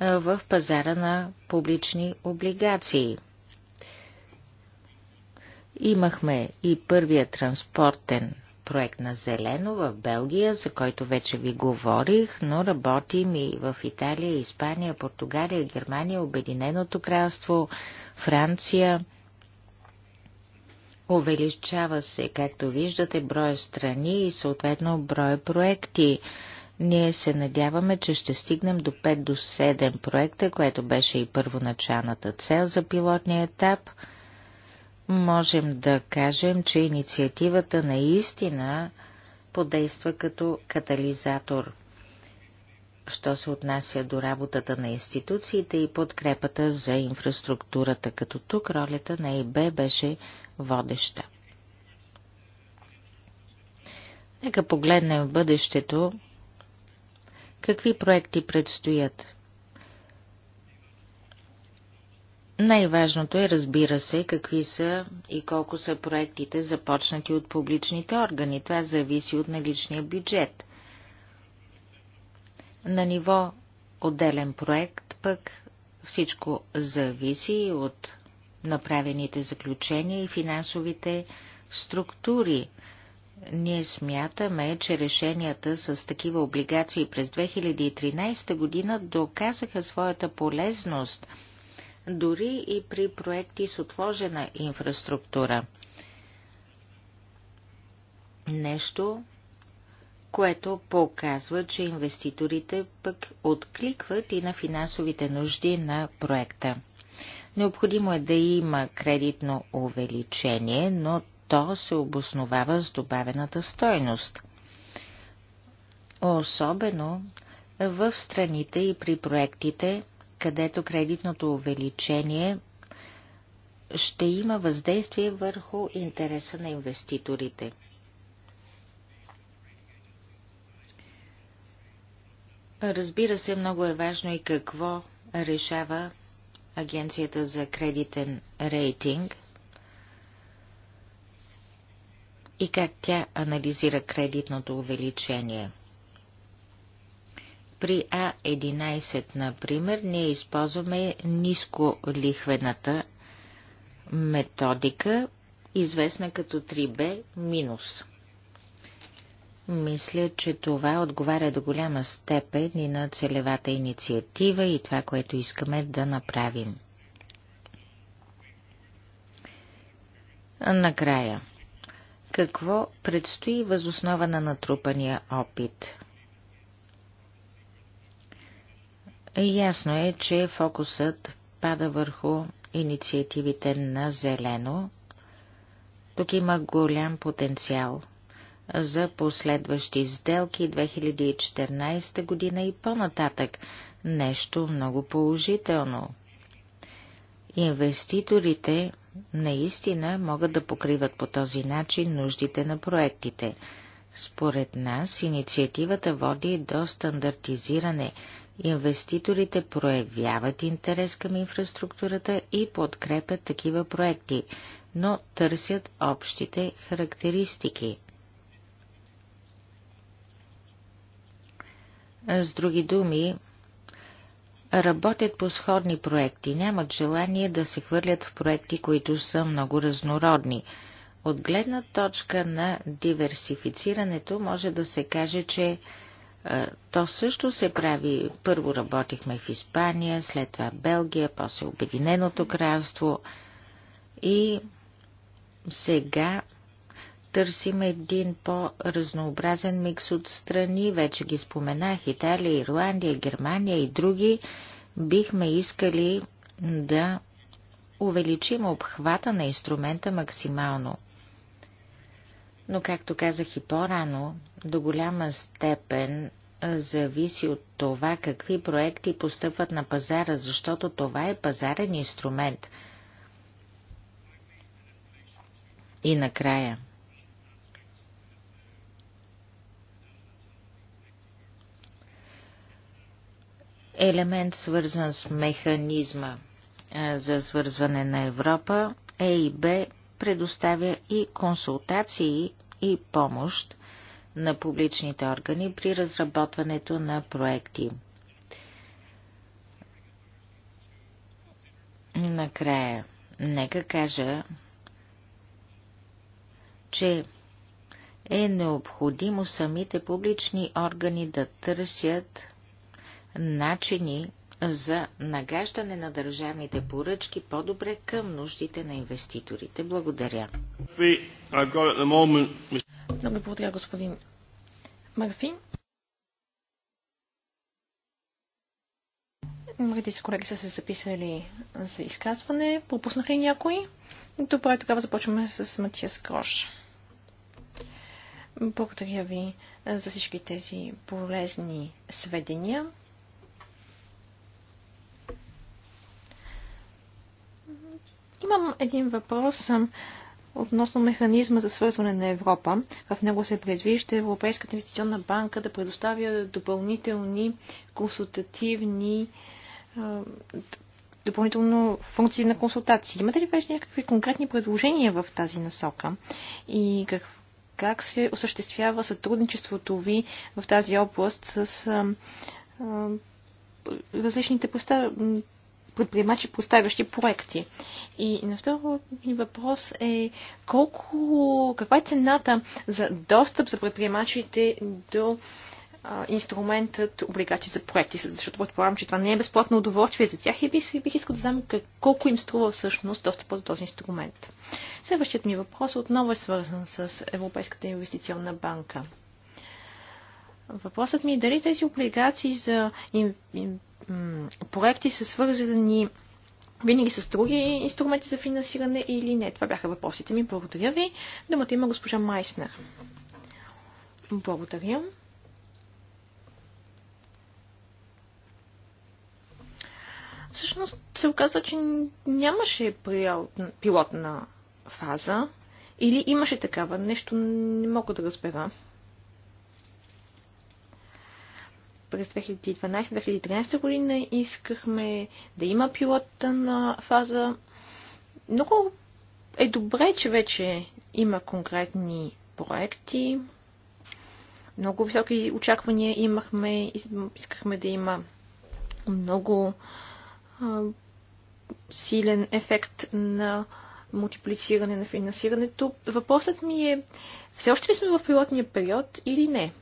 Speaker 1: в пазара на публични облигации. Имахме и първия транспортен проект на Зелено в Белгия, за който вече ви говорих, но работим и в Италия, Испания, Португалия, Германия, Обединеното кралство, Франция – Увеличава се, както виждате, броя страни и съответно броя проекти. Ние се надяваме, че ще стигнем до 5 до 7 проекта, което беше и първоначалната цел за пилотния етап. Можем да кажем, че инициативата наистина подейства като катализатор – що се отнася до работата на институциите и подкрепата за инфраструктурата, като тук ролята на ИБ беше водеща. Нека погледнем в бъдещето какви проекти предстоят. Най-важното е, разбира се, какви са и колко са проектите започнати от публичните органи. Това зависи от наличния бюджет. На ниво отделен проект пък всичко зависи от направените заключения и финансовите структури. Ние смятаме, че решенията с такива облигации през 2013 година доказаха своята полезност дори и при проекти с отложена инфраструктура. Нещо, което показва, че инвеститорите пък откликват и на финансовите нужди на проекта. Необходимо е да има кредитно увеличение, но то се обосновава с добавената стойност. Особено в страните и при проектите, където кредитното увеличение ще има въздействие върху интереса на инвеститорите – Разбира се, много е важно и какво решава Агенцията за кредитен рейтинг и как тя анализира кредитното увеличение. При А11, например, ние използваме ниско лихвената методика, известна като 3B минус. Мисля, че това отговаря до голяма степен и на целевата инициатива и това, което искаме да направим. Накрая. Какво предстои възоснова на натрупания опит? Ясно е, че фокусът пада върху инициативите на зелено. Тук има голям потенциал – за последващи сделки 2014 година и по-нататък. Нещо много положително. Инвеститорите наистина могат да покриват по този начин нуждите на проектите. Според нас инициативата води до стандартизиране. Инвеститорите проявяват интерес към инфраструктурата и подкрепят такива проекти, но търсят общите характеристики. С други думи, работят по сходни проекти, нямат желание да се хвърлят в проекти, които са много разнородни. От гледна точка на диверсифицирането може да се каже, че е, то също се прави. Първо работихме в Испания, след това Белгия, после Обединеното кралство и сега търсим един по-разнообразен микс от страни, вече ги споменах, Италия, Ирландия, Германия и други, бихме искали да увеличим обхвата на инструмента максимално. Но, както казах и по-рано, до голяма степен зависи от това какви проекти постъпват на пазара, защото това е пазарен инструмент. И накрая – елемент, свързан с механизма за свързване на Европа, ЕИБ предоставя и консултации и помощ на публичните органи при разработването на проекти. Накрая, нека кажа, че е необходимо самите публични органи да търсят начини за нагаждане на държавните поръчки по-добре към нуждите на
Speaker 2: инвеститорите. Благодаря. Много благодаря,
Speaker 4: господин Марфи. си колеги са се записали за изказване. Пропуснах ли някой? Добре, тогава започваме с Матиас Грош. Благодаря ви за всички тези полезни сведения. Имам един въпрос относно механизма за свързване на Европа. В него се предвижда Европейската инвестиционна банка да предоставя допълнителни консултативни допълнително функции на консултации. Имате ли вече някакви конкретни предложения в тази насока? И как, как се осъществява сътрудничеството ви в тази област с а, а, различните предприемачи, поставящи проекти. И на второ ми въпрос е колко, каква е цената за достъп за предприемачите до инструментът облигации за проекти, защото предполагам, че това не е безплатно удоволствие за тях и бих, бих искал да знам колко им струва всъщност достъпа до този инструмент. Следващият ми въпрос отново е свързан с Европейската инвестиционна банка. Въпросът ми е дали тези облигации за им, им, проекти са свързани винаги с други инструменти за финансиране или не. Това бяха въпросите ми. Благодаря ви. Думата има госпожа Майснер. Благодаря. Всъщност се оказва, че нямаше пилотна фаза или имаше такава. Нещо не мога да разбера. през 2012-2013 година искахме да има на фаза. Много е добре, че вече има конкретни проекти. Много високи очаквания имахме. Искахме да има много а, силен ефект на мултиплициране на финансирането. Въпросът ми е, все още ли сме в пилотния период или не?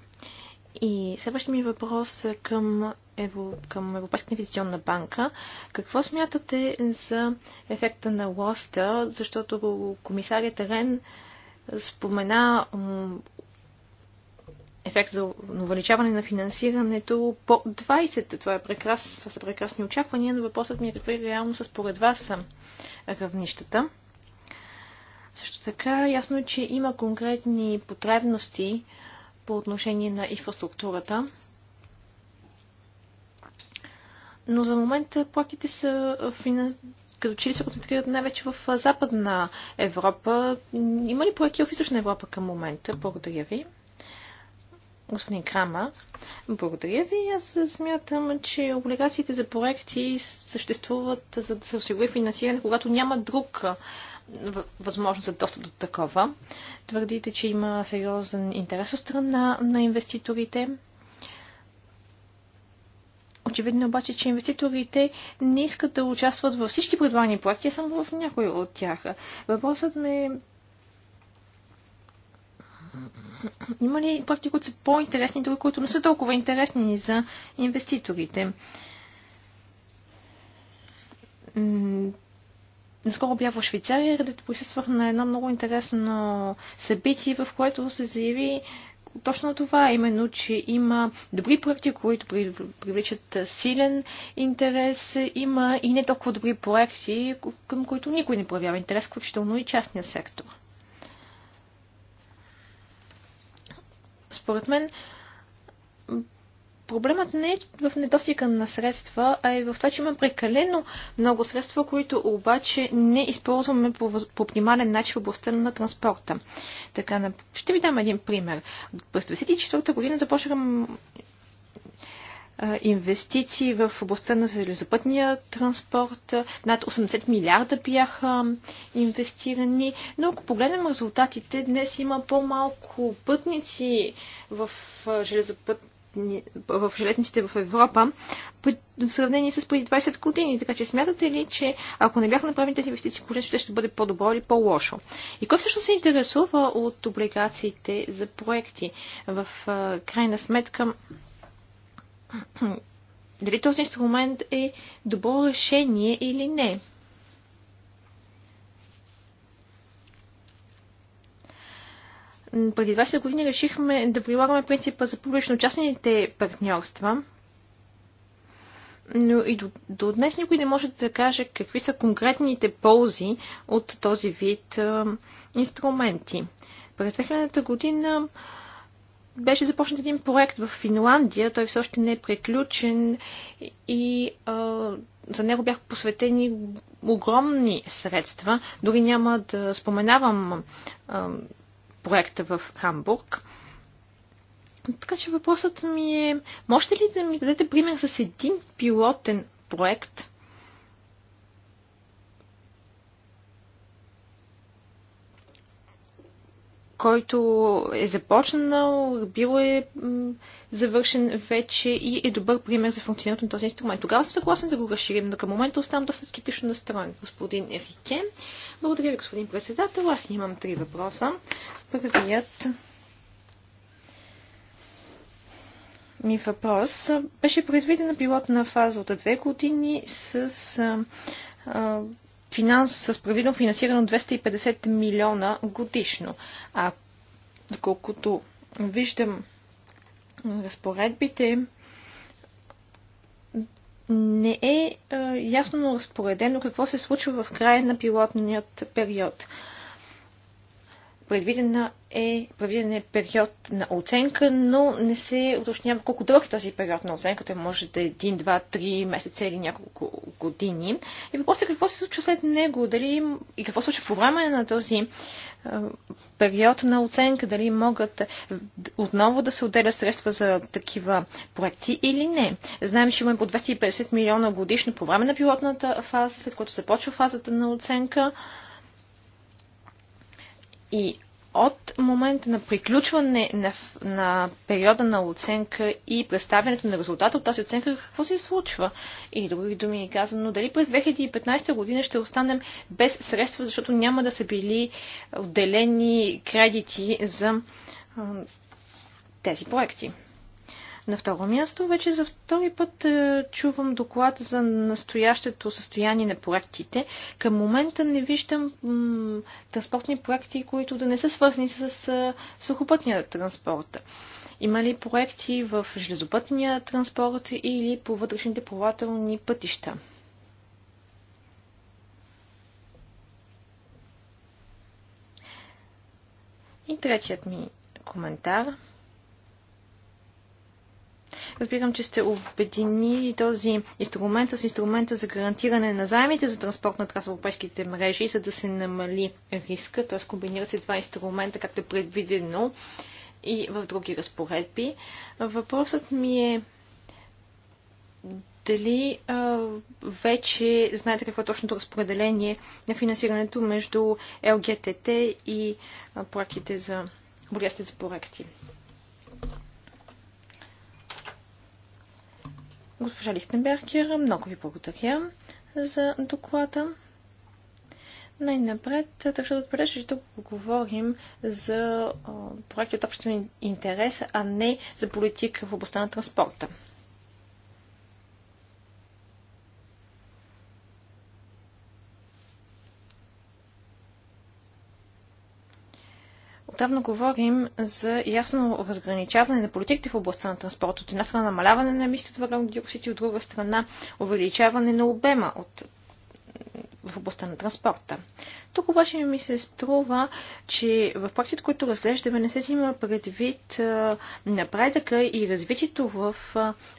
Speaker 4: И следващия ми въпрос е към, Ево, към Европейската инвестиционна банка. Какво смятате за ефекта на лоста, защото комисарият Рен спомена ефект за увеличаване на финансирането по 20. Това, е прекрас, това са прекрасни очаквания, но въпросът ми е е реално са според вас са равнищата. Също така ясно е, че има конкретни потребности, по отношение на инфраструктурата. Но за момента плаките са финансирани като че ли се концентрират най-вече в Западна Европа. Има ли проекти в Източна Европа към момента? Благодаря ви. Господин Крама, благодаря ви. Аз смятам, че облигациите за проекти съществуват за да се осигури финансиране, когато няма друг възможност за достъп до такова. Твърдите, че има сериозен интерес от страна на инвеститорите. Очевидно е обаче, че инвеститорите не искат да участват във всички предлагани проекти, а само в някои от тях. Въпросът ми е има ли проекти, които са по-интересни, други, които не са толкова интересни за инвеститорите? наскоро бях в Швейцария, където присъствах на едно много интересно събитие, в което се заяви точно това, именно, че има добри проекти, които привличат силен интерес, има и не толкова добри проекти, към които никой не проявява интерес, включително и частния сектор. Според мен, Проблемът не е в недостига на средства, а е в това, че има прекалено много средства, които обаче не използваме по, по оптимален начин в областта на транспорта. Така, ще ви дам един пример. През 1994 година започнахме инвестиции в областта на железопътния транспорт. Над 80 милиарда бяха инвестирани. Но ако погледнем резултатите, днес има по-малко пътници в железопът в железниците в Европа в сравнение с преди 20 години. Така че смятате ли, че ако не бяха направени тези инвестиции, положението ще бъде по-добро или по-лошо? И кой всъщност се интересува от облигациите за проекти? В крайна сметка, дали този инструмент е добро решение или не? преди 20 години решихме да прилагаме принципа за публично-частните партньорства, но и до, до днес никой не може да каже какви са конкретните ползи от този вид а, инструменти. През 2000-та година беше започнат един проект в Финландия, той все още не е приключен и а, за него бяха посветени огромни средства. Дори няма да споменавам а, проекта в Хамбург. Така че въпросът ми е, можете ли да ми дадете пример с един пилотен проект, който е започнал, бил е завършен вече и е добър пример за функционирането на този инструмент. Тогава съм съгласен да го разширим, но към момента оставам доста скептично настроен. Господин Ерике, благодаря ви, господин председател. Аз имам три въпроса. Първият ми въпрос беше предвидена пилотна фаза от две години с финанс, с правилно финансиране от 250 милиона годишно. А доколкото виждам разпоредбите, не е, е ясно разпоредено какво се случва в края на пилотният период. Предвидена е, предвиден е период на оценка, но не се уточнява колко дълъг е този период на оценка. Той може да е един, два, три месеца или няколко години. И въпросът е какво се случва след него, дали и какво се случва по време на този период на оценка, дали могат отново да се отделят средства за такива проекти или не. Знаем, че имаме по 250 милиона годишно по време на пилотната фаза, след което започва фазата на оценка. И от момента на приключване на, на периода на оценка и представянето на резултата от тази оценка, какво се случва? И други думи ни казано, дали през 2015 година ще останем без средства, защото няма да са били отделени кредити за тези проекти. На второ място, вече за втори път е, чувам доклад за настоящето състояние на проектите. Към момента не виждам транспортни проекти, които да не са свързани с е, сухопътния транспорт. Има ли проекти в железопътния транспорт или по вътрешните плавателни пътища? И третият ми коментар – Разбирам, че сте обединили този инструмент с инструмента за гарантиране на заемите за транспорт на трансевропейските мрежи, за да се намали риска, т.е. комбинират се два инструмента, както е предвидено и в други разпоредби. Въпросът ми е дали а, вече знаете какво е точното разпределение на финансирането между ЛГТТ и проектите за, за проекти. Госпожа Лихтенбергер, много ви благодаря за доклада. Най-напред трябва да отбележа, че тук говорим за проекти от обществен интерес, а не за политика в областта на транспорта. Отдавна говорим за ясно разграничаване на политиките в областта на транспорта. От една страна намаляване на емисията въглероден диоксид и от друга страна увеличаване на обема от в областта на транспорта. Тук обаче ми се струва, че в проектите, които разглеждаме, не се взима предвид напредъка и развитието в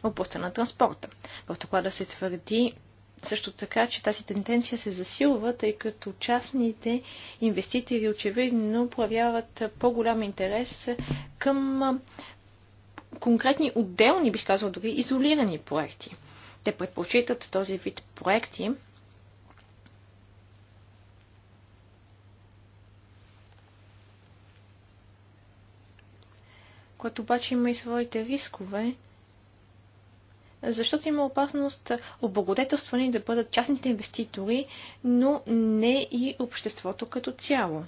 Speaker 4: областта на транспорта. В доклада се твърди, също така, че тази тенденция се засилва, тъй като частните инвеститори очевидно проявяват по-голям интерес към конкретни отделни, бих казал дори изолирани проекти. Те предпочитат този вид проекти, което обаче има и своите рискове, защото има опасност облагодетелствани да бъдат частните инвеститори, но не и обществото като цяло.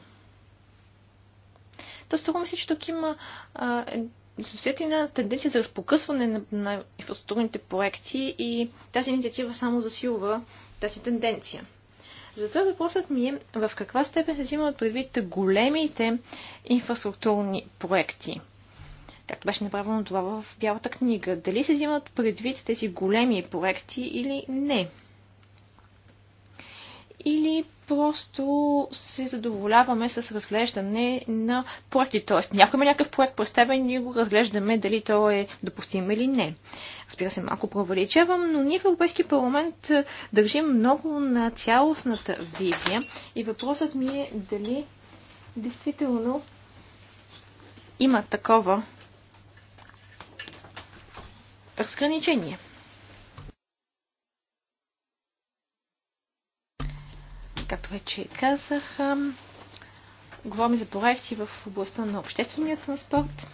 Speaker 4: То струва ми се, че тук има една тенденция за разпокъсване на, на инфраструктурните проекти и тази инициатива само засилва тази тенденция. Затова въпросът ми е в каква степен се взимат предвид големите инфраструктурни проекти – както беше направено това в Бялата книга. Дали се взимат предвид тези големи проекти или не? Или просто се задоволяваме с разглеждане на проекти. Т.е. някой има някакъв проект представен и го разглеждаме дали то е допустим или не. Разбира се, малко провеличавам, но ние в Европейския парламент е, държим много на цялостната визия и въпросът ми е дали действително има такова разграничение. Както вече казах, говорим за проекти в областта на обществения транспорт,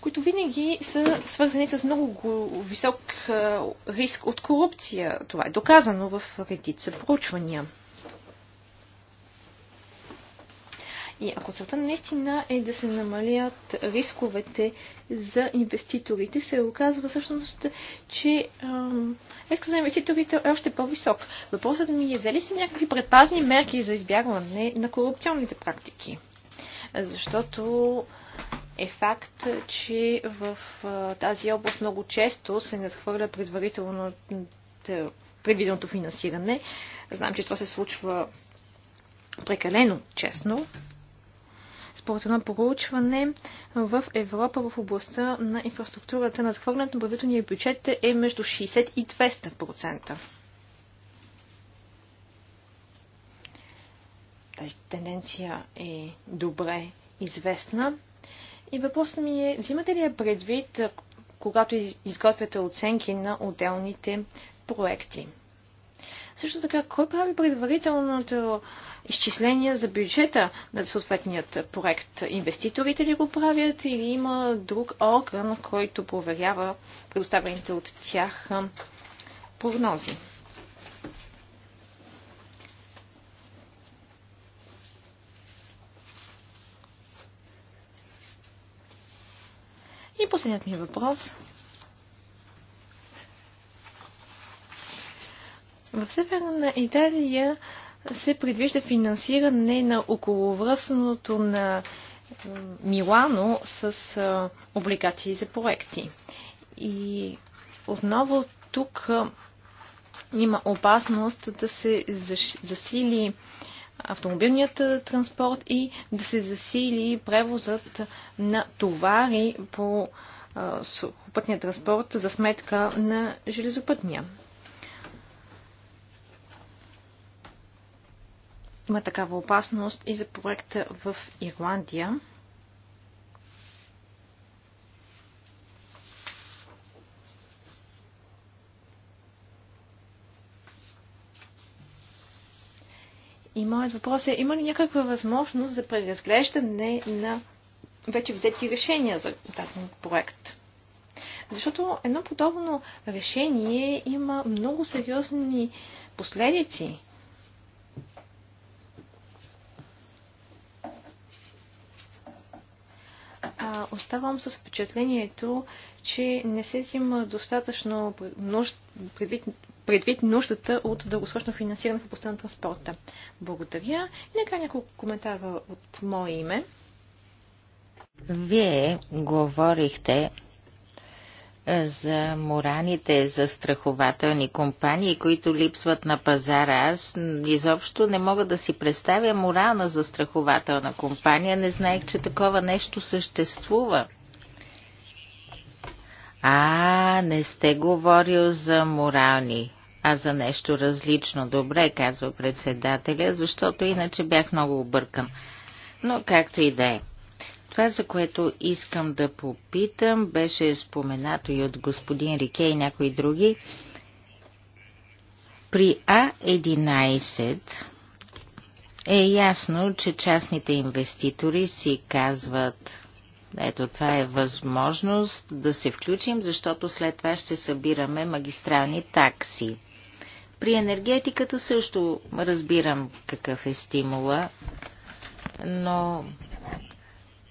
Speaker 4: които винаги са свързани с много висок риск от корупция. Това е доказано в редица проучвания. И ако целта наистина е да се намалят рисковете за инвеститорите, се оказва всъщност, че риска за инвеститорите е още по-висок. Въпросът ми е, взели се някакви предпазни мерки за избягване на корупционните практики? Защото е факт, че в тази област много често се надхвърля предварително предвиденото финансиране. Знам, че това се случва прекалено честно според едно проучване в Европа в областта на инфраструктурата надхвърлянето на правителния бюджет е между 60 и 200%. Тази тенденция е добре известна. И въпросът ми е, взимате ли я предвид, когато изготвяте оценки на отделните проекти? Също така, кой прави предварителното изчисления за бюджета на съответният проект? Инвеститорите ли го правят или има друг орган, който проверява предоставените от тях прогнози? И последният ми въпрос – В Северна Италия се предвижда финансиране на околовръстното на Милано с облигации за проекти. И отново тук има опасност да се засили автомобилният транспорт и да се засили превозът на товари по пътния транспорт за сметка на железопътния. Има такава опасност и за проекта в Ирландия. И моят въпрос е, има ли някаква възможност за преразглеждане на вече взети решения за даден проект? Защото едно подобно решение има много сериозни последици оставам с впечатлението, че не се взима достатъчно нужд, предвид, предвид нуждата от дългосрочно финансиране в областта на транспорта. Благодаря. И Нека няколко коментара от мое име.
Speaker 1: Вие говорихте за мораните, за страхователни компании, които липсват на пазара. Аз изобщо не мога да си представя морална застрахователна компания. Не знаех, че такова нещо съществува. А, не сте говорил за морални, а за нещо различно. Добре, казва председателя, защото иначе бях много объркан. Но както и да е. Това, за което искам да попитам, беше споменато и от господин Рике и някои други. При А11 е ясно, че частните инвеститори си казват ето това е възможност да се включим, защото след това ще събираме магистрални такси. При енергетиката също разбирам какъв е стимула, но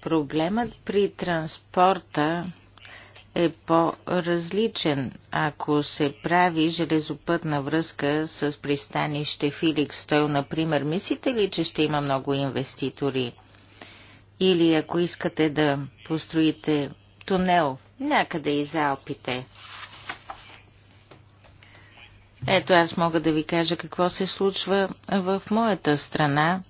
Speaker 1: Проблемът при транспорта е по-различен, ако се прави железопътна връзка с пристанище Филикс, Стойл, например. Мислите ли, че ще има много инвеститори? Или ако искате да построите тунел някъде из Алпите? Ето аз мога да ви кажа какво се случва в моята страна.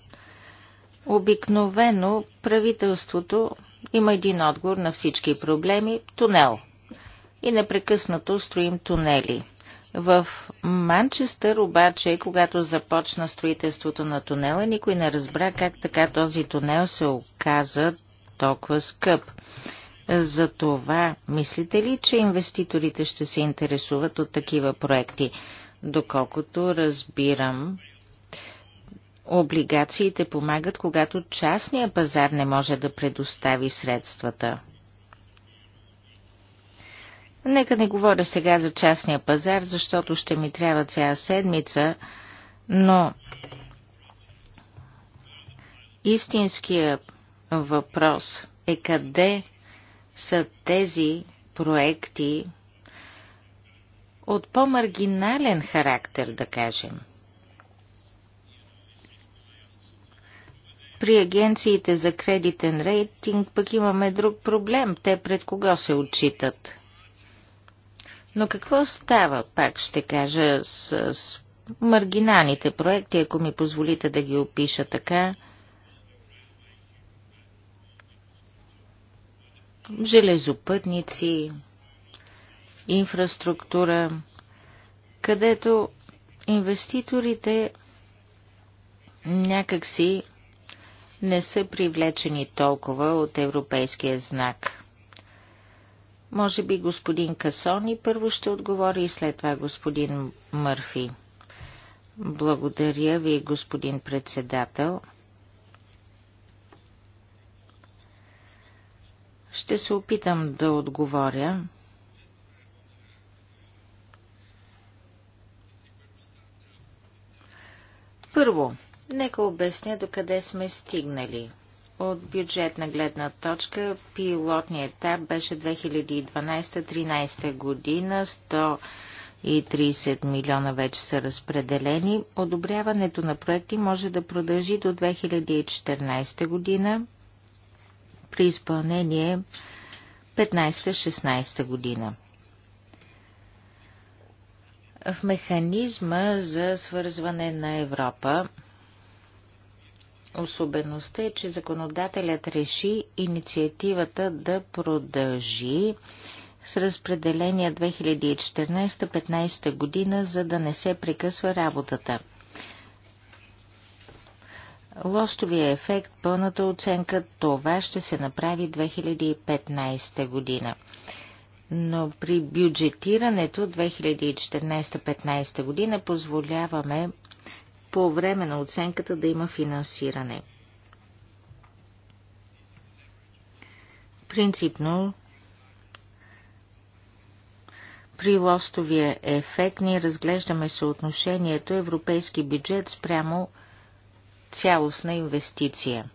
Speaker 1: Обикновено правителството има един отговор на всички проблеми – тунел. И непрекъснато строим тунели. В Манчестър обаче, когато започна строителството на тунела, никой не разбра как така този тунел се оказа толкова скъп. За това мислите ли, че инвеститорите ще се интересуват от такива проекти? Доколкото разбирам, Облигациите помагат, когато частния пазар не може да предостави средствата. Нека не говоря сега за частния пазар, защото ще ми трябва цяла седмица, но истинския въпрос е къде са тези проекти от по-маргинален характер, да кажем – При агенциите за кредитен рейтинг пък имаме друг проблем. Те пред кого се отчитат? Но какво става, пак ще кажа, с, с маргиналните проекти, ако ми позволите да ги опиша така? Железопътници, инфраструктура, където инвеститорите някакси не са привлечени толкова от европейския знак. Може би господин Касони първо ще отговори и след това господин Мърфи. Благодаря ви, господин председател. Ще се опитам да отговоря. Първо, Нека обясня докъде сме стигнали. От бюджетна гледна точка пилотният етап беше 2012-13 година, 130 милиона вече са разпределени. Одобряването на проекти може да продължи до 2014 година при изпълнение 15-16 година. В механизма за свързване на Европа особеността е, че законодателят реши инициативата да продължи с разпределение 2014-15 година, за да не се прекъсва работата. Лостовия ефект, пълната оценка, това ще се направи 2015 година. Но при бюджетирането 2014-15 година позволяваме по време на оценката да има финансиране. Принципно, при лостовия ефект ние разглеждаме съотношението европейски бюджет спрямо цялостна инвестиция.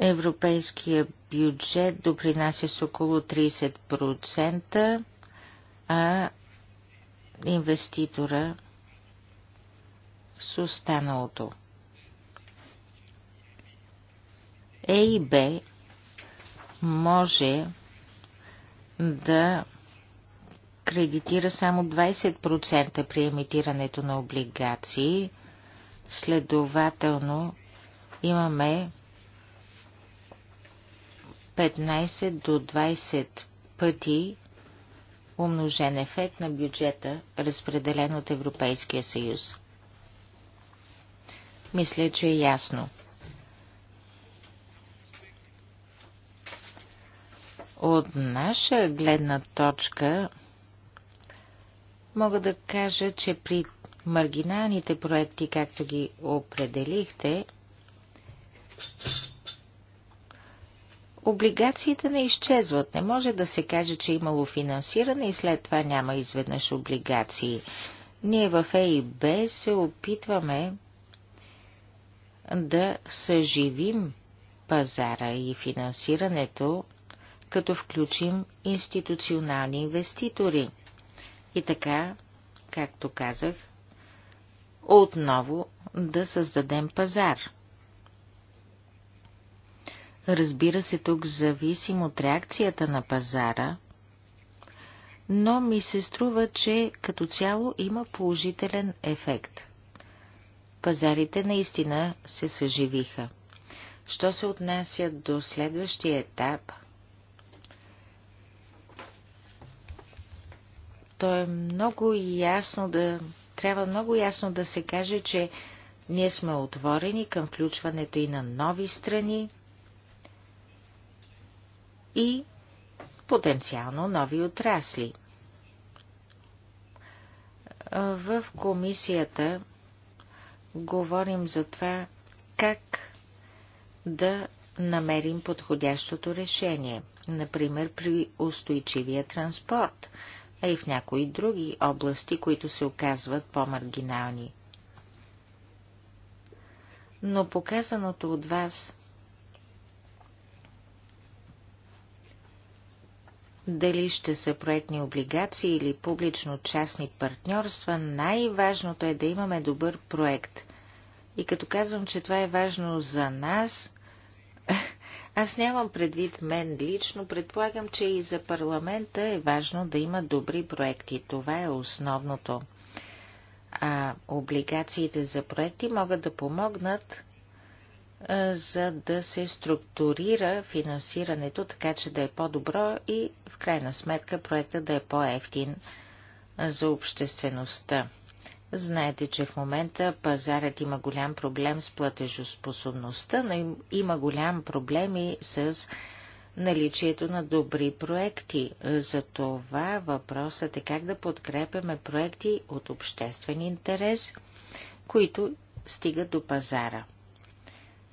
Speaker 1: Европейския бюджет допринася с около 30%, а инвеститора с останалото. A е и B може да кредитира само 20% при емитирането на облигации, следователно имаме 15 до 20 пъти умножен ефект на бюджета, разпределен от Европейския съюз. Мисля, че е ясно. От наша гледна точка мога да кажа, че при маргиналните проекти, както ги определихте, Облигациите не изчезват. Не може да се каже, че е имало финансиране и след това няма изведнъж облигации. Ние в е и Б се опитваме да съживим пазара и финансирането, като включим институционални инвеститори. И така, както казах, отново да създадем пазар. Разбира се, тук зависим от реакцията на пазара, но ми се струва, че като цяло има положителен ефект. Пазарите наистина се съживиха. Що се отнася до следващия етап, то е много ясно да трябва много ясно да се каже, че ние сме отворени към включването и на нови страни, и потенциално нови отрасли. В комисията говорим за това как да намерим подходящото решение, например при устойчивия транспорт, а и в някои други области, които се оказват по-маргинални. Но показаното от вас дали ще са проектни облигации или публично-частни партньорства, най-важното е да имаме добър проект. И като казвам, че това е важно за нас, аз нямам предвид мен лично, предполагам, че и за парламента е важно да има добри проекти. Това е основното. А облигациите за проекти могат да помогнат за да се структурира финансирането така, че да е по-добро и в крайна сметка проекта да е по-ефтин за обществеността. Знаете, че в момента пазарът има голям проблем с платежоспособността, но има голям проблем и с наличието на добри проекти. За това въпросът е как да подкрепяме проекти от обществен интерес, които стигат до пазара.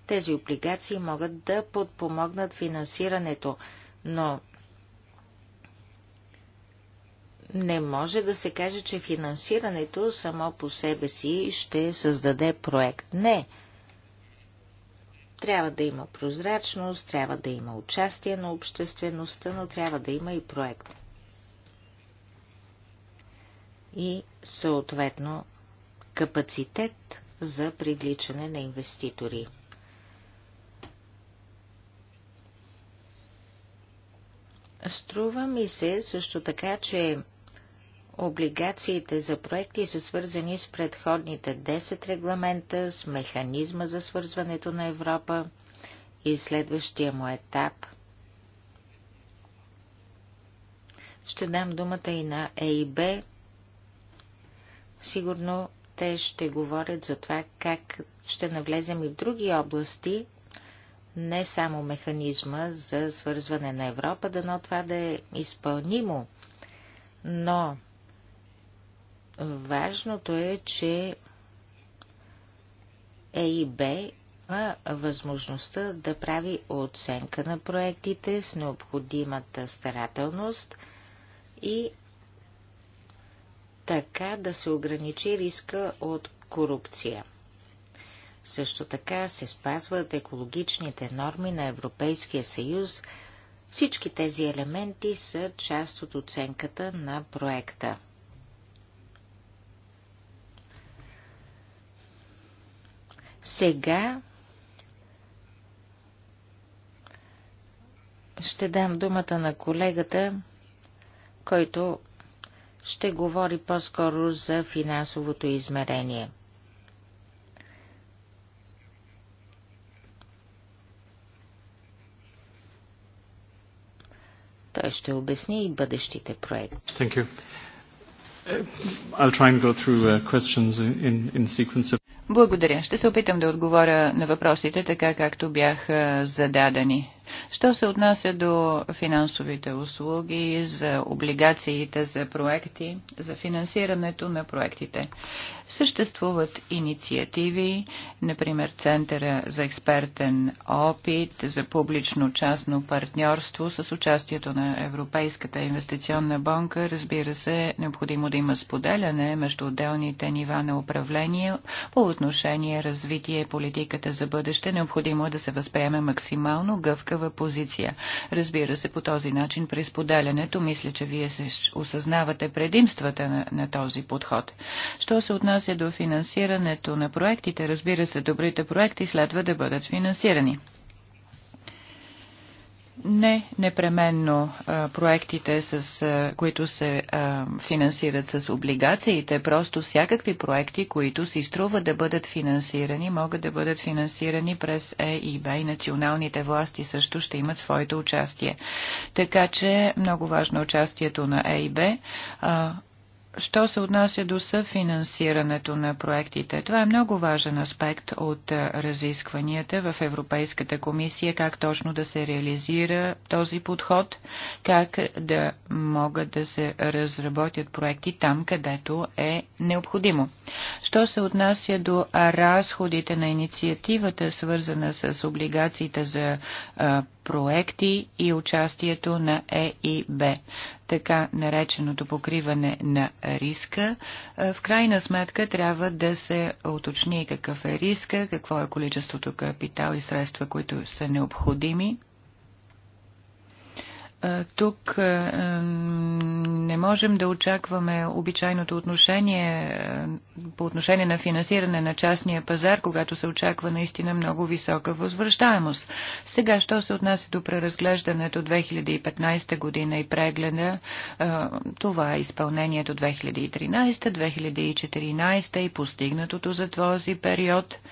Speaker 1: Тези облигации могат да подпомогнат финансирането, но не може да се каже, че финансирането само по себе си ще създаде проект. Не. Трябва да има прозрачност, трябва да има участие на обществеността, но трябва да има и проект. И съответно капацитет за привличане на инвеститори. Струва ми се също така, че облигациите за проекти са свързани с предходните 10 регламента, с механизма за свързването на Европа и следващия му етап. Ще дам думата и на ЕИБ. Сигурно те ще говорят за това как ще навлезем и в други области не само механизма за свързване на Европа, дано това да е изпълнимо. Но важното е, че ЕИБ има възможността да прави оценка на проектите с необходимата старателност и така да се ограничи риска от корупция. Също така се спазват екологичните норми на Европейския съюз. Всички тези елементи са част от оценката на проекта. Сега ще дам думата на колегата, който ще говори по-скоро за финансовото измерение – ще обясни и бъдещите проекти.
Speaker 2: Thank you. Uh, I'll try and go through uh, questions in, in sequence
Speaker 3: Благодаря. Ще се опитам да отговоря на въпросите така, както бяха зададени. Що се отнася до финансовите услуги, за облигациите, за проекти, за финансирането на проектите? Съществуват инициативи, например Центъра за експертен опит, за публично-частно партньорство с участието на Европейската инвестиционна банка. Разбира се, необходимо да има споделяне между отделните нива на управление по отношение развитие и политиката за бъдеще. Необходимо е да се възприеме максимално гъвка такава позиция. Разбира се, по този начин при споделянето, мисля, че вие се осъзнавате предимствата на, на този подход. Що се отнася до финансирането на проектите, разбира се, добрите проекти следва да бъдат финансирани не непременно проектите, с, които се финансират с облигациите, просто всякакви проекти, които си струва да бъдат финансирани, могат да бъдат финансирани през ЕИБ и националните власти също ще имат своето участие. Така че много важно участието на ЕИБ. Б що се отнася до съфинансирането на проектите. Това е много важен аспект от разискванията в Европейската комисия, как точно да се реализира този подход, как да могат да се разработят проекти там, където е необходимо. Що се отнася до разходите на инициативата, свързана с облигациите за проекти и участието на ЕИБ, така нареченото покриване на риска. Е, в крайна сметка трябва да се уточни какъв е риска, какво е количеството капитал и средства, които са необходими е, тук е, не можем да очакваме обичайното отношение е, по отношение на финансиране на частния пазар, когато се очаква наистина много висока възвръщаемост. Сега, що се отнася до преразглеждането 2015 година и прегледа, това е изпълнението 2013, 2014 и постигнатото за този период –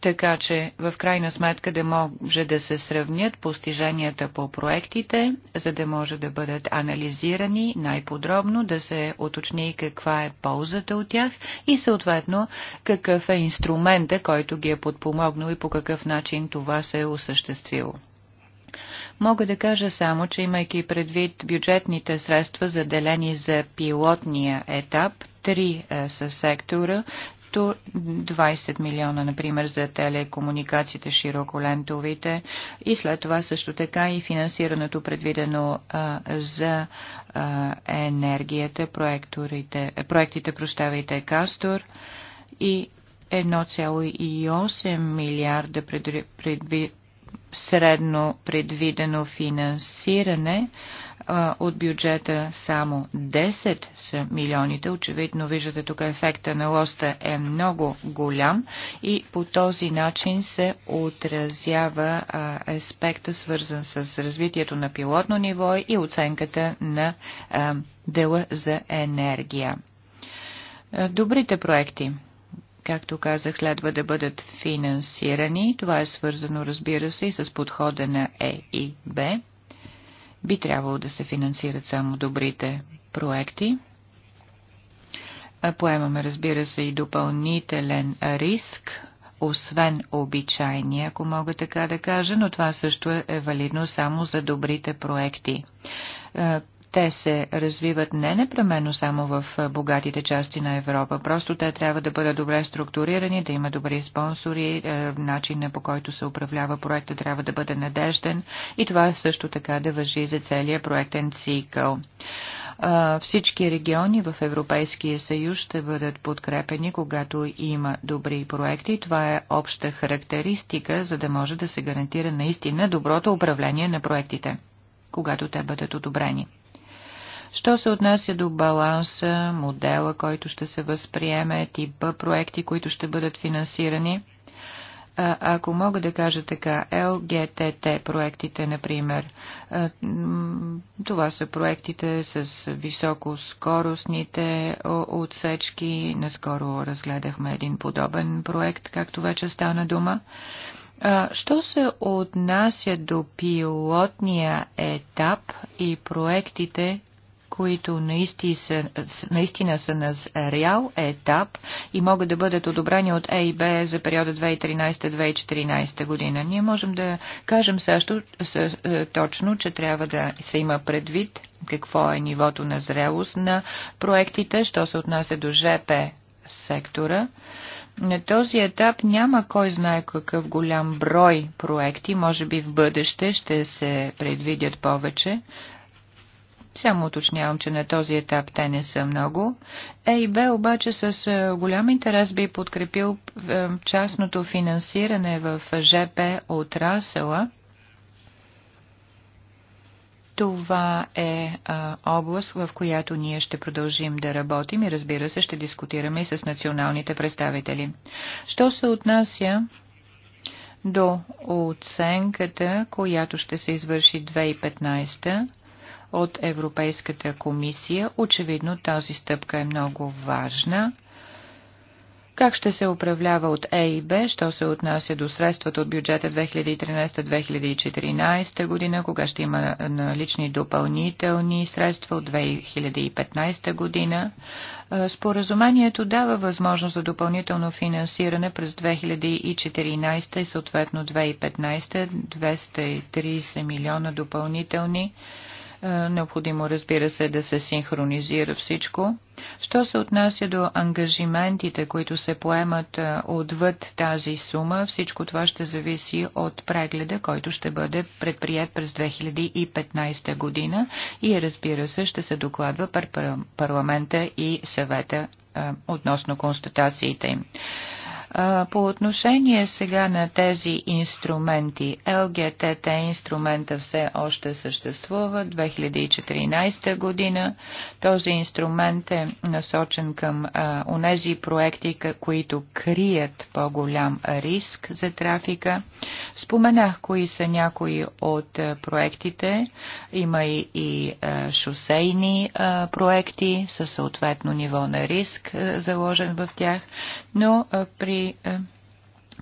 Speaker 3: така че в крайна сметка да може да се сравнят постиженията по проектите, за да може да бъдат анализирани най-подробно, да се уточни каква е ползата от тях и съответно какъв е инструмента, който ги е подпомогнал и по какъв начин това се е осъществило. Мога да кажа само, че имайки предвид бюджетните средства заделени за пилотния етап, три е, са сектора, 20 милиона, например, за телекомуникациите, широколентовите и след това също така и финансирането предвидено а, за а, енергията, проектите, проставите Кастор и 1,8 милиарда предви, средно предвидено финансиране а, а, от бюджета само 10 са милионите. Очевидно, виждате тук ефекта на лоста е много голям и по този начин се отразява а, аспекта свързан с развитието на пилотно ниво и оценката на а, дела за енергия. Добрите проекти както казах, следва да бъдат финансирани. Това е свързано, разбира се, и с подхода на Е и Б. Би трябвало да се финансират само добрите проекти. Поемаме, разбира се, и допълнителен риск, освен обичайния, ако мога така да кажа, но това също е, е валидно само за добрите проекти те се развиват не непременно само в богатите части на Европа, просто те трябва да бъдат добре структурирани, да има добри спонсори, е, начинът по който се управлява проекта трябва да бъде надежден и това също така да въжи за целия проектен цикъл всички региони в Европейския съюз ще бъдат подкрепени, когато има добри проекти. Това е обща характеристика, за да може да се гарантира наистина доброто управление на проектите, когато те бъдат одобрени. Що се отнася до баланса, модела, който ще се възприеме, типа проекти, които ще бъдат финансирани, а, ако мога да кажа така, ЛГТТ проектите, например, това са проектите с високоскоростните отсечки. Наскоро разгледахме един подобен проект, както вече стана дума. Що се отнася до пилотния етап и проектите, които наистина са, наистина са на реал етап и могат да бъдат одобрени от Б за периода 2013-2014 година. Ние можем да кажем също с, е, точно, че трябва да се има предвид какво е нивото на зрелост на проектите, що се отнася до ЖП сектора. На този етап няма кой знае какъв голям брой проекти, може би в бъдеще ще се предвидят повече, само уточнявам, че на този етап те не са много. Е и Б обаче с е, голям интерес би подкрепил е, частното финансиране в ЖП отрасъла. Това е а, е, област, в която ние ще продължим да работим и разбира се ще дискутираме и с националните представители. Що се отнася до оценката, която ще се извърши 2015 от Европейската комисия. Очевидно тази стъпка е много важна. Как ще се управлява от ЕИБ, що се отнася до средствата от бюджета 2013-2014 година, кога ще има налични допълнителни средства от 2015 година? Споразумението дава възможност за допълнително финансиране през 2014 и съответно 2015 230 милиона допълнителни средства е, необходимо, разбира се, да се синхронизира всичко. Що се отнася до ангажиментите, които се поемат е, отвъд тази сума, всичко това ще зависи от прегледа, който ще бъде предприят през 2015 година и, разбира се, ще се докладва пар парламента и съвета е, относно констатациите им. По отношение сега на тези инструменти, ЛГТТ инструмента все още съществува. 2014 година този инструмент е насочен към онези проекти, които крият по-голям риск за трафика. Споменах кои са някои от проектите. Има и, и шосейни проекти със съответно ниво на риск заложен в тях, но при е,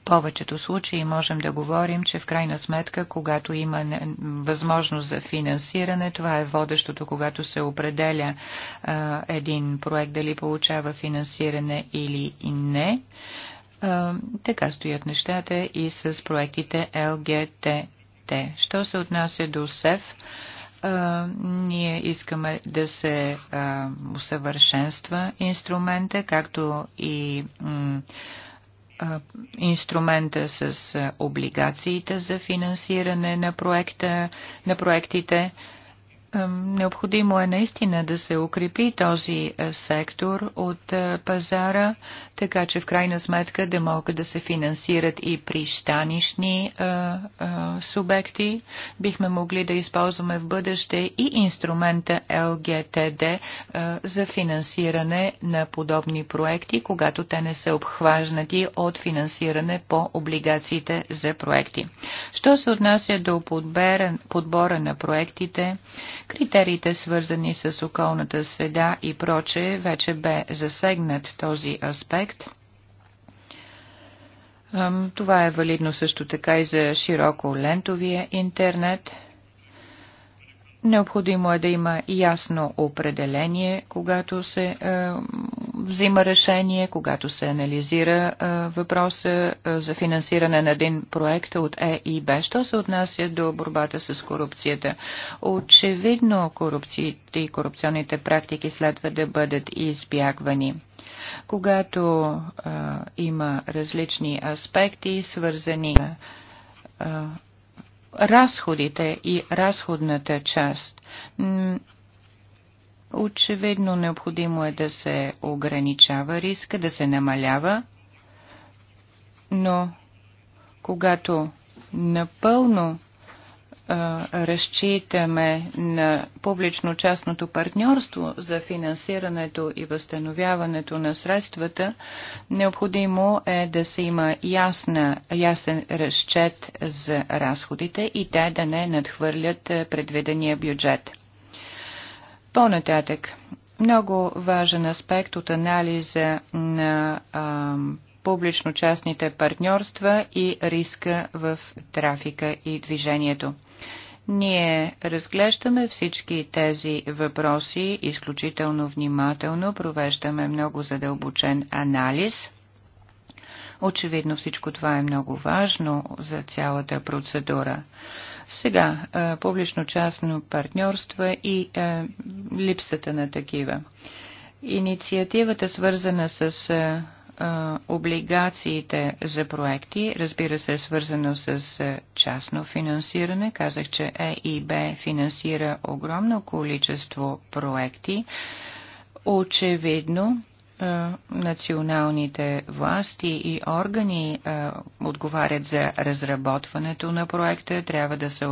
Speaker 3: повечето случаи можем да говорим, че в крайна сметка, когато има възможност за финансиране, това е водещото, когато се определя е, един проект дали получава финансиране или не. Е, така стоят нещата и с проектите ЛГТТ. Що се отнася до СЕФ? ние искаме да се усъвършенства инструмента, както и инструмента с облигациите за финансиране на, проекта, на проектите, Необходимо е наистина да се укрепи този е, сектор от е, пазара, така че в крайна сметка да могат да се финансират и пристанишни е, субекти. Бихме могли да използваме в бъдеще и инструмента ЛГТД за финансиране на подобни проекти, когато те не са обхважнати от финансиране по облигациите за проекти. Що се отнася до подбора на проектите, критериите свързани с околната среда и прочее, вече бе засегнат този аспект. Това е валидно също така и за широко лентовия интернет – Необходимо е да има ясно определение, когато се е, взима решение, когато се анализира е, въпроса е, за финансиране на един проект от ЕИБ. Що се отнася до борбата с корупцията? Очевидно корупциите и корупционните практики следва да бъдат избягвани когато е, има различни аспекти, свързани е, разходите и разходната част. Очевидно необходимо е да се ограничава риска, да се намалява, но когато напълно разчитаме на публично-частното партньорство за финансирането и възстановяването на средствата, необходимо е да се има ясна, ясен разчет за разходите и те да не надхвърлят предвидения бюджет. По-нататък, много важен аспект от анализа на публично-частните партньорства и риска в трафика и движението. Ние разглеждаме всички тези въпроси изключително внимателно, провеждаме много задълбочен анализ. Очевидно всичко това е много важно за цялата процедура. Сега, е, публично-частно партньорство и е, липсата на такива. Инициативата, свързана с е, облигациите за проекти, разбира се, е свързано с частно финансиране. Казах, че ЕИБ финансира огромно количество проекти. Очевидно, националните власти и органи отговарят за разработването на проекта. Трябва да се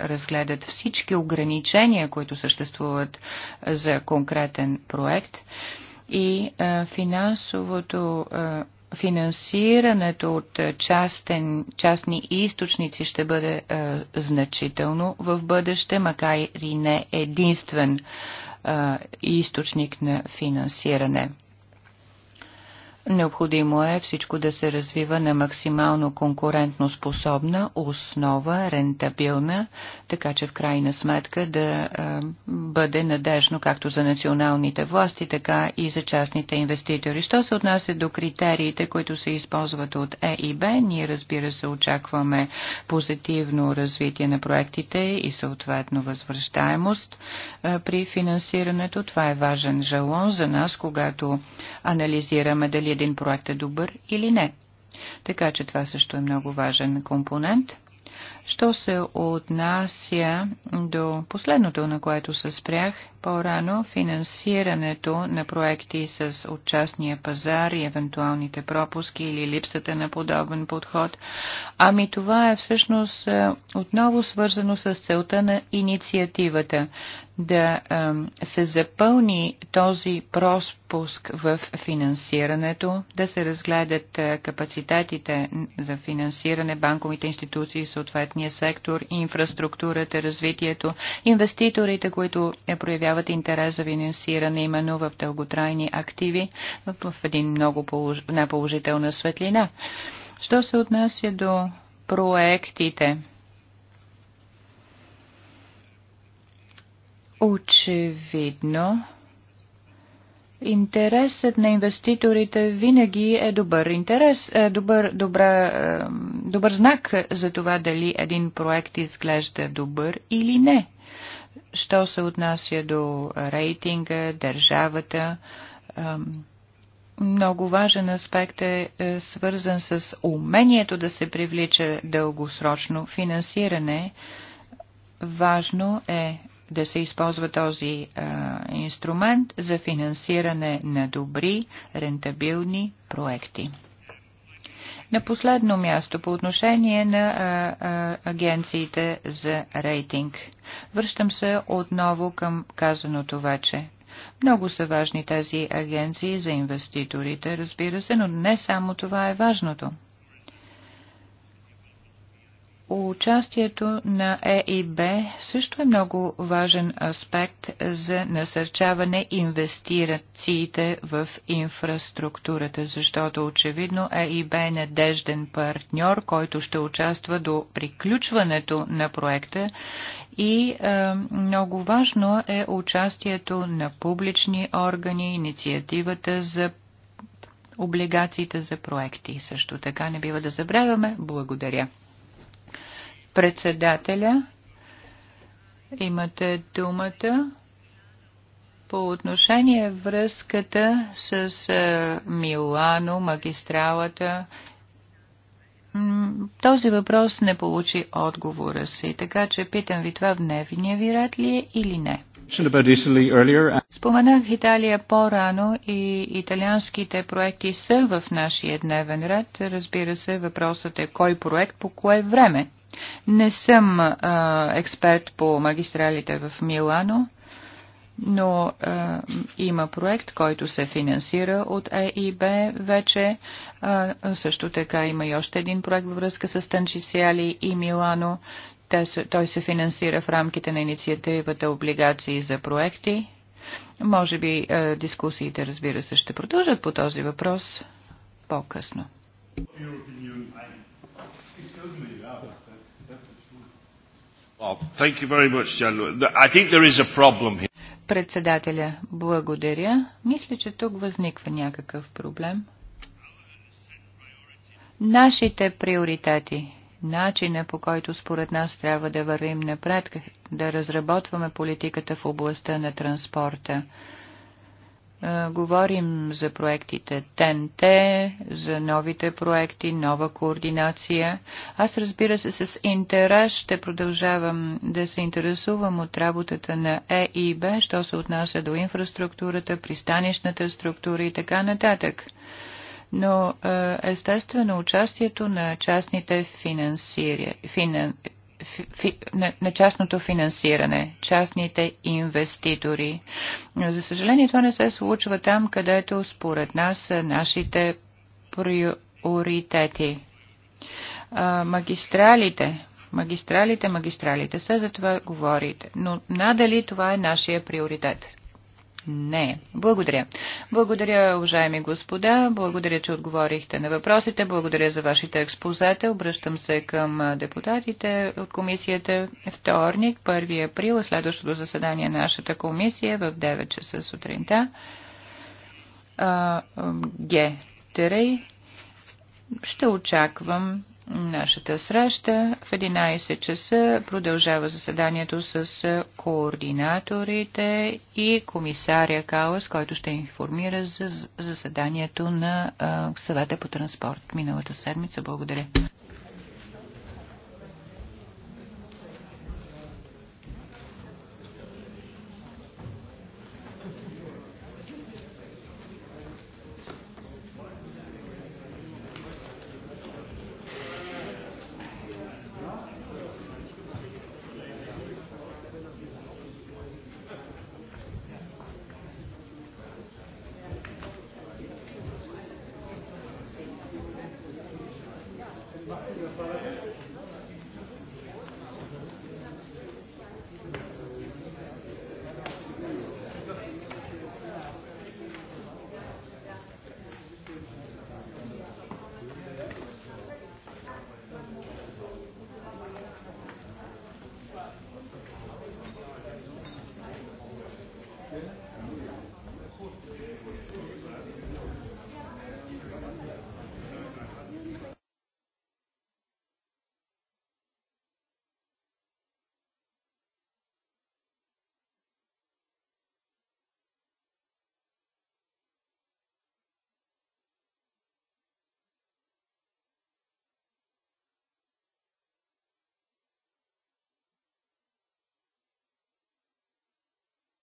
Speaker 3: разгледат всички ограничения, които съществуват за конкретен проект и е, финансовото е, финансирането от частен, частни източници ще бъде е, значително в бъдеще, макар и не единствен източник на финансиране. Необходимо е всичко да се развива на максимално конкурентно способна основа, рентабилна, така че в крайна сметка да бъде надежно както за националните власти, така и за частните инвеститори. Що се отнася до критериите, които се използват от е Б, ние разбира се очакваме позитивно развитие на проектите и съответно възвръщаемост при финансирането. Това е важен жалон за нас, когато анализираме дали един проект е добър или не. Така че това също е много важен компонент. Що се отнася до последното, на което се спрях по-рано, финансирането на проекти с отчастния пазар и евентуалните пропуски или липсата на подобен подход, ами това е всъщност е, отново свързано с целта на инициативата да се запълни този проспуск в финансирането, да се разгледат капацитетите за финансиране, банковите институции, съответния сектор, инфраструктурата, развитието, инвеститорите, които е, проявяват интерес за финансиране именно в дълготрайни активи, в един много положителна светлина. Що се отнася до проектите? Очевидно, интересът на инвеститорите винаги е добър интерес, е добър, добра, е, добър знак за това дали един проект изглежда добър или не. Що се отнася до рейтинга, държавата, много важен аспект е, е свързан с умението да се привлича дългосрочно финансиране. Важно е да се използва този а, инструмент за финансиране на добри, рентабилни проекти. На последно място по отношение на а, а, агенциите за рейтинг. Връщам се отново към казаното вече. Много са важни тези агенции за инвеститорите, разбира се, но не само това е важното. Участието на ЕИБ също е много важен аспект за насърчаване инвестирациите в инфраструктурата, защото очевидно ЕИБ е надежден партньор, който ще участва до приключването на проекта и е, много важно е участието на публични органи, инициативата за облигациите за проекти. Също така не бива да забравяме. Благодаря председателя. Имате думата по отношение връзката с Милано, магистралата. Този въпрос не получи отговора си, така че питам ви това в дневния ви ред ли е или не. Споменах Италия по-рано и италианските проекти са в нашия дневен ред. Разбира се, въпросът е кой проект по кое време. Не съм а, експерт по магистралите в Милано, но а, има проект, който се финансира от ЕИБ вече. А, също така има и още един проект във връзка с Танчисиали и Милано. Те, той се финансира в рамките на инициативата облигации за проекти. Може би а, дискусиите, разбира се, ще продължат по този въпрос по-късно. Председателя, благодаря. Мисля, че тук възниква някакъв проблем. Нашите приоритети, начина по който според нас трябва да вървим напред, да разработваме политиката в областта на транспорта – е, говорим за проектите ТНТ, за новите проекти, нова координация. Аз разбира се с интерес ще продължавам да се интересувам от работата на ЕИБ, що се отнася до инфраструктурата, пристанищната структура и така нататък. Но е, естествено участието на частните финансири, финан, фи, на, на частното финансиране, частните инвеститори. Но, за съжаление, това не се случва там, където според нас са нашите приоритети. А, магистралите, магистралите, магистралите, се за това говорите, но надали това е нашия приоритет не Благодаря. Благодаря, уважаеми господа. Благодаря, че отговорихте на въпросите. Благодаря за вашите експозета. Обръщам се към депутатите от комисията. Вторник, 1 април, е следващото заседание на нашата комисия в 9 часа сутринта. Г. Терей. Ще очаквам нашата среща. В 11 часа продължава заседанието с координаторите и комисаря Калас, който ще информира за заседанието на съвета по транспорт миналата седмица. Благодаря.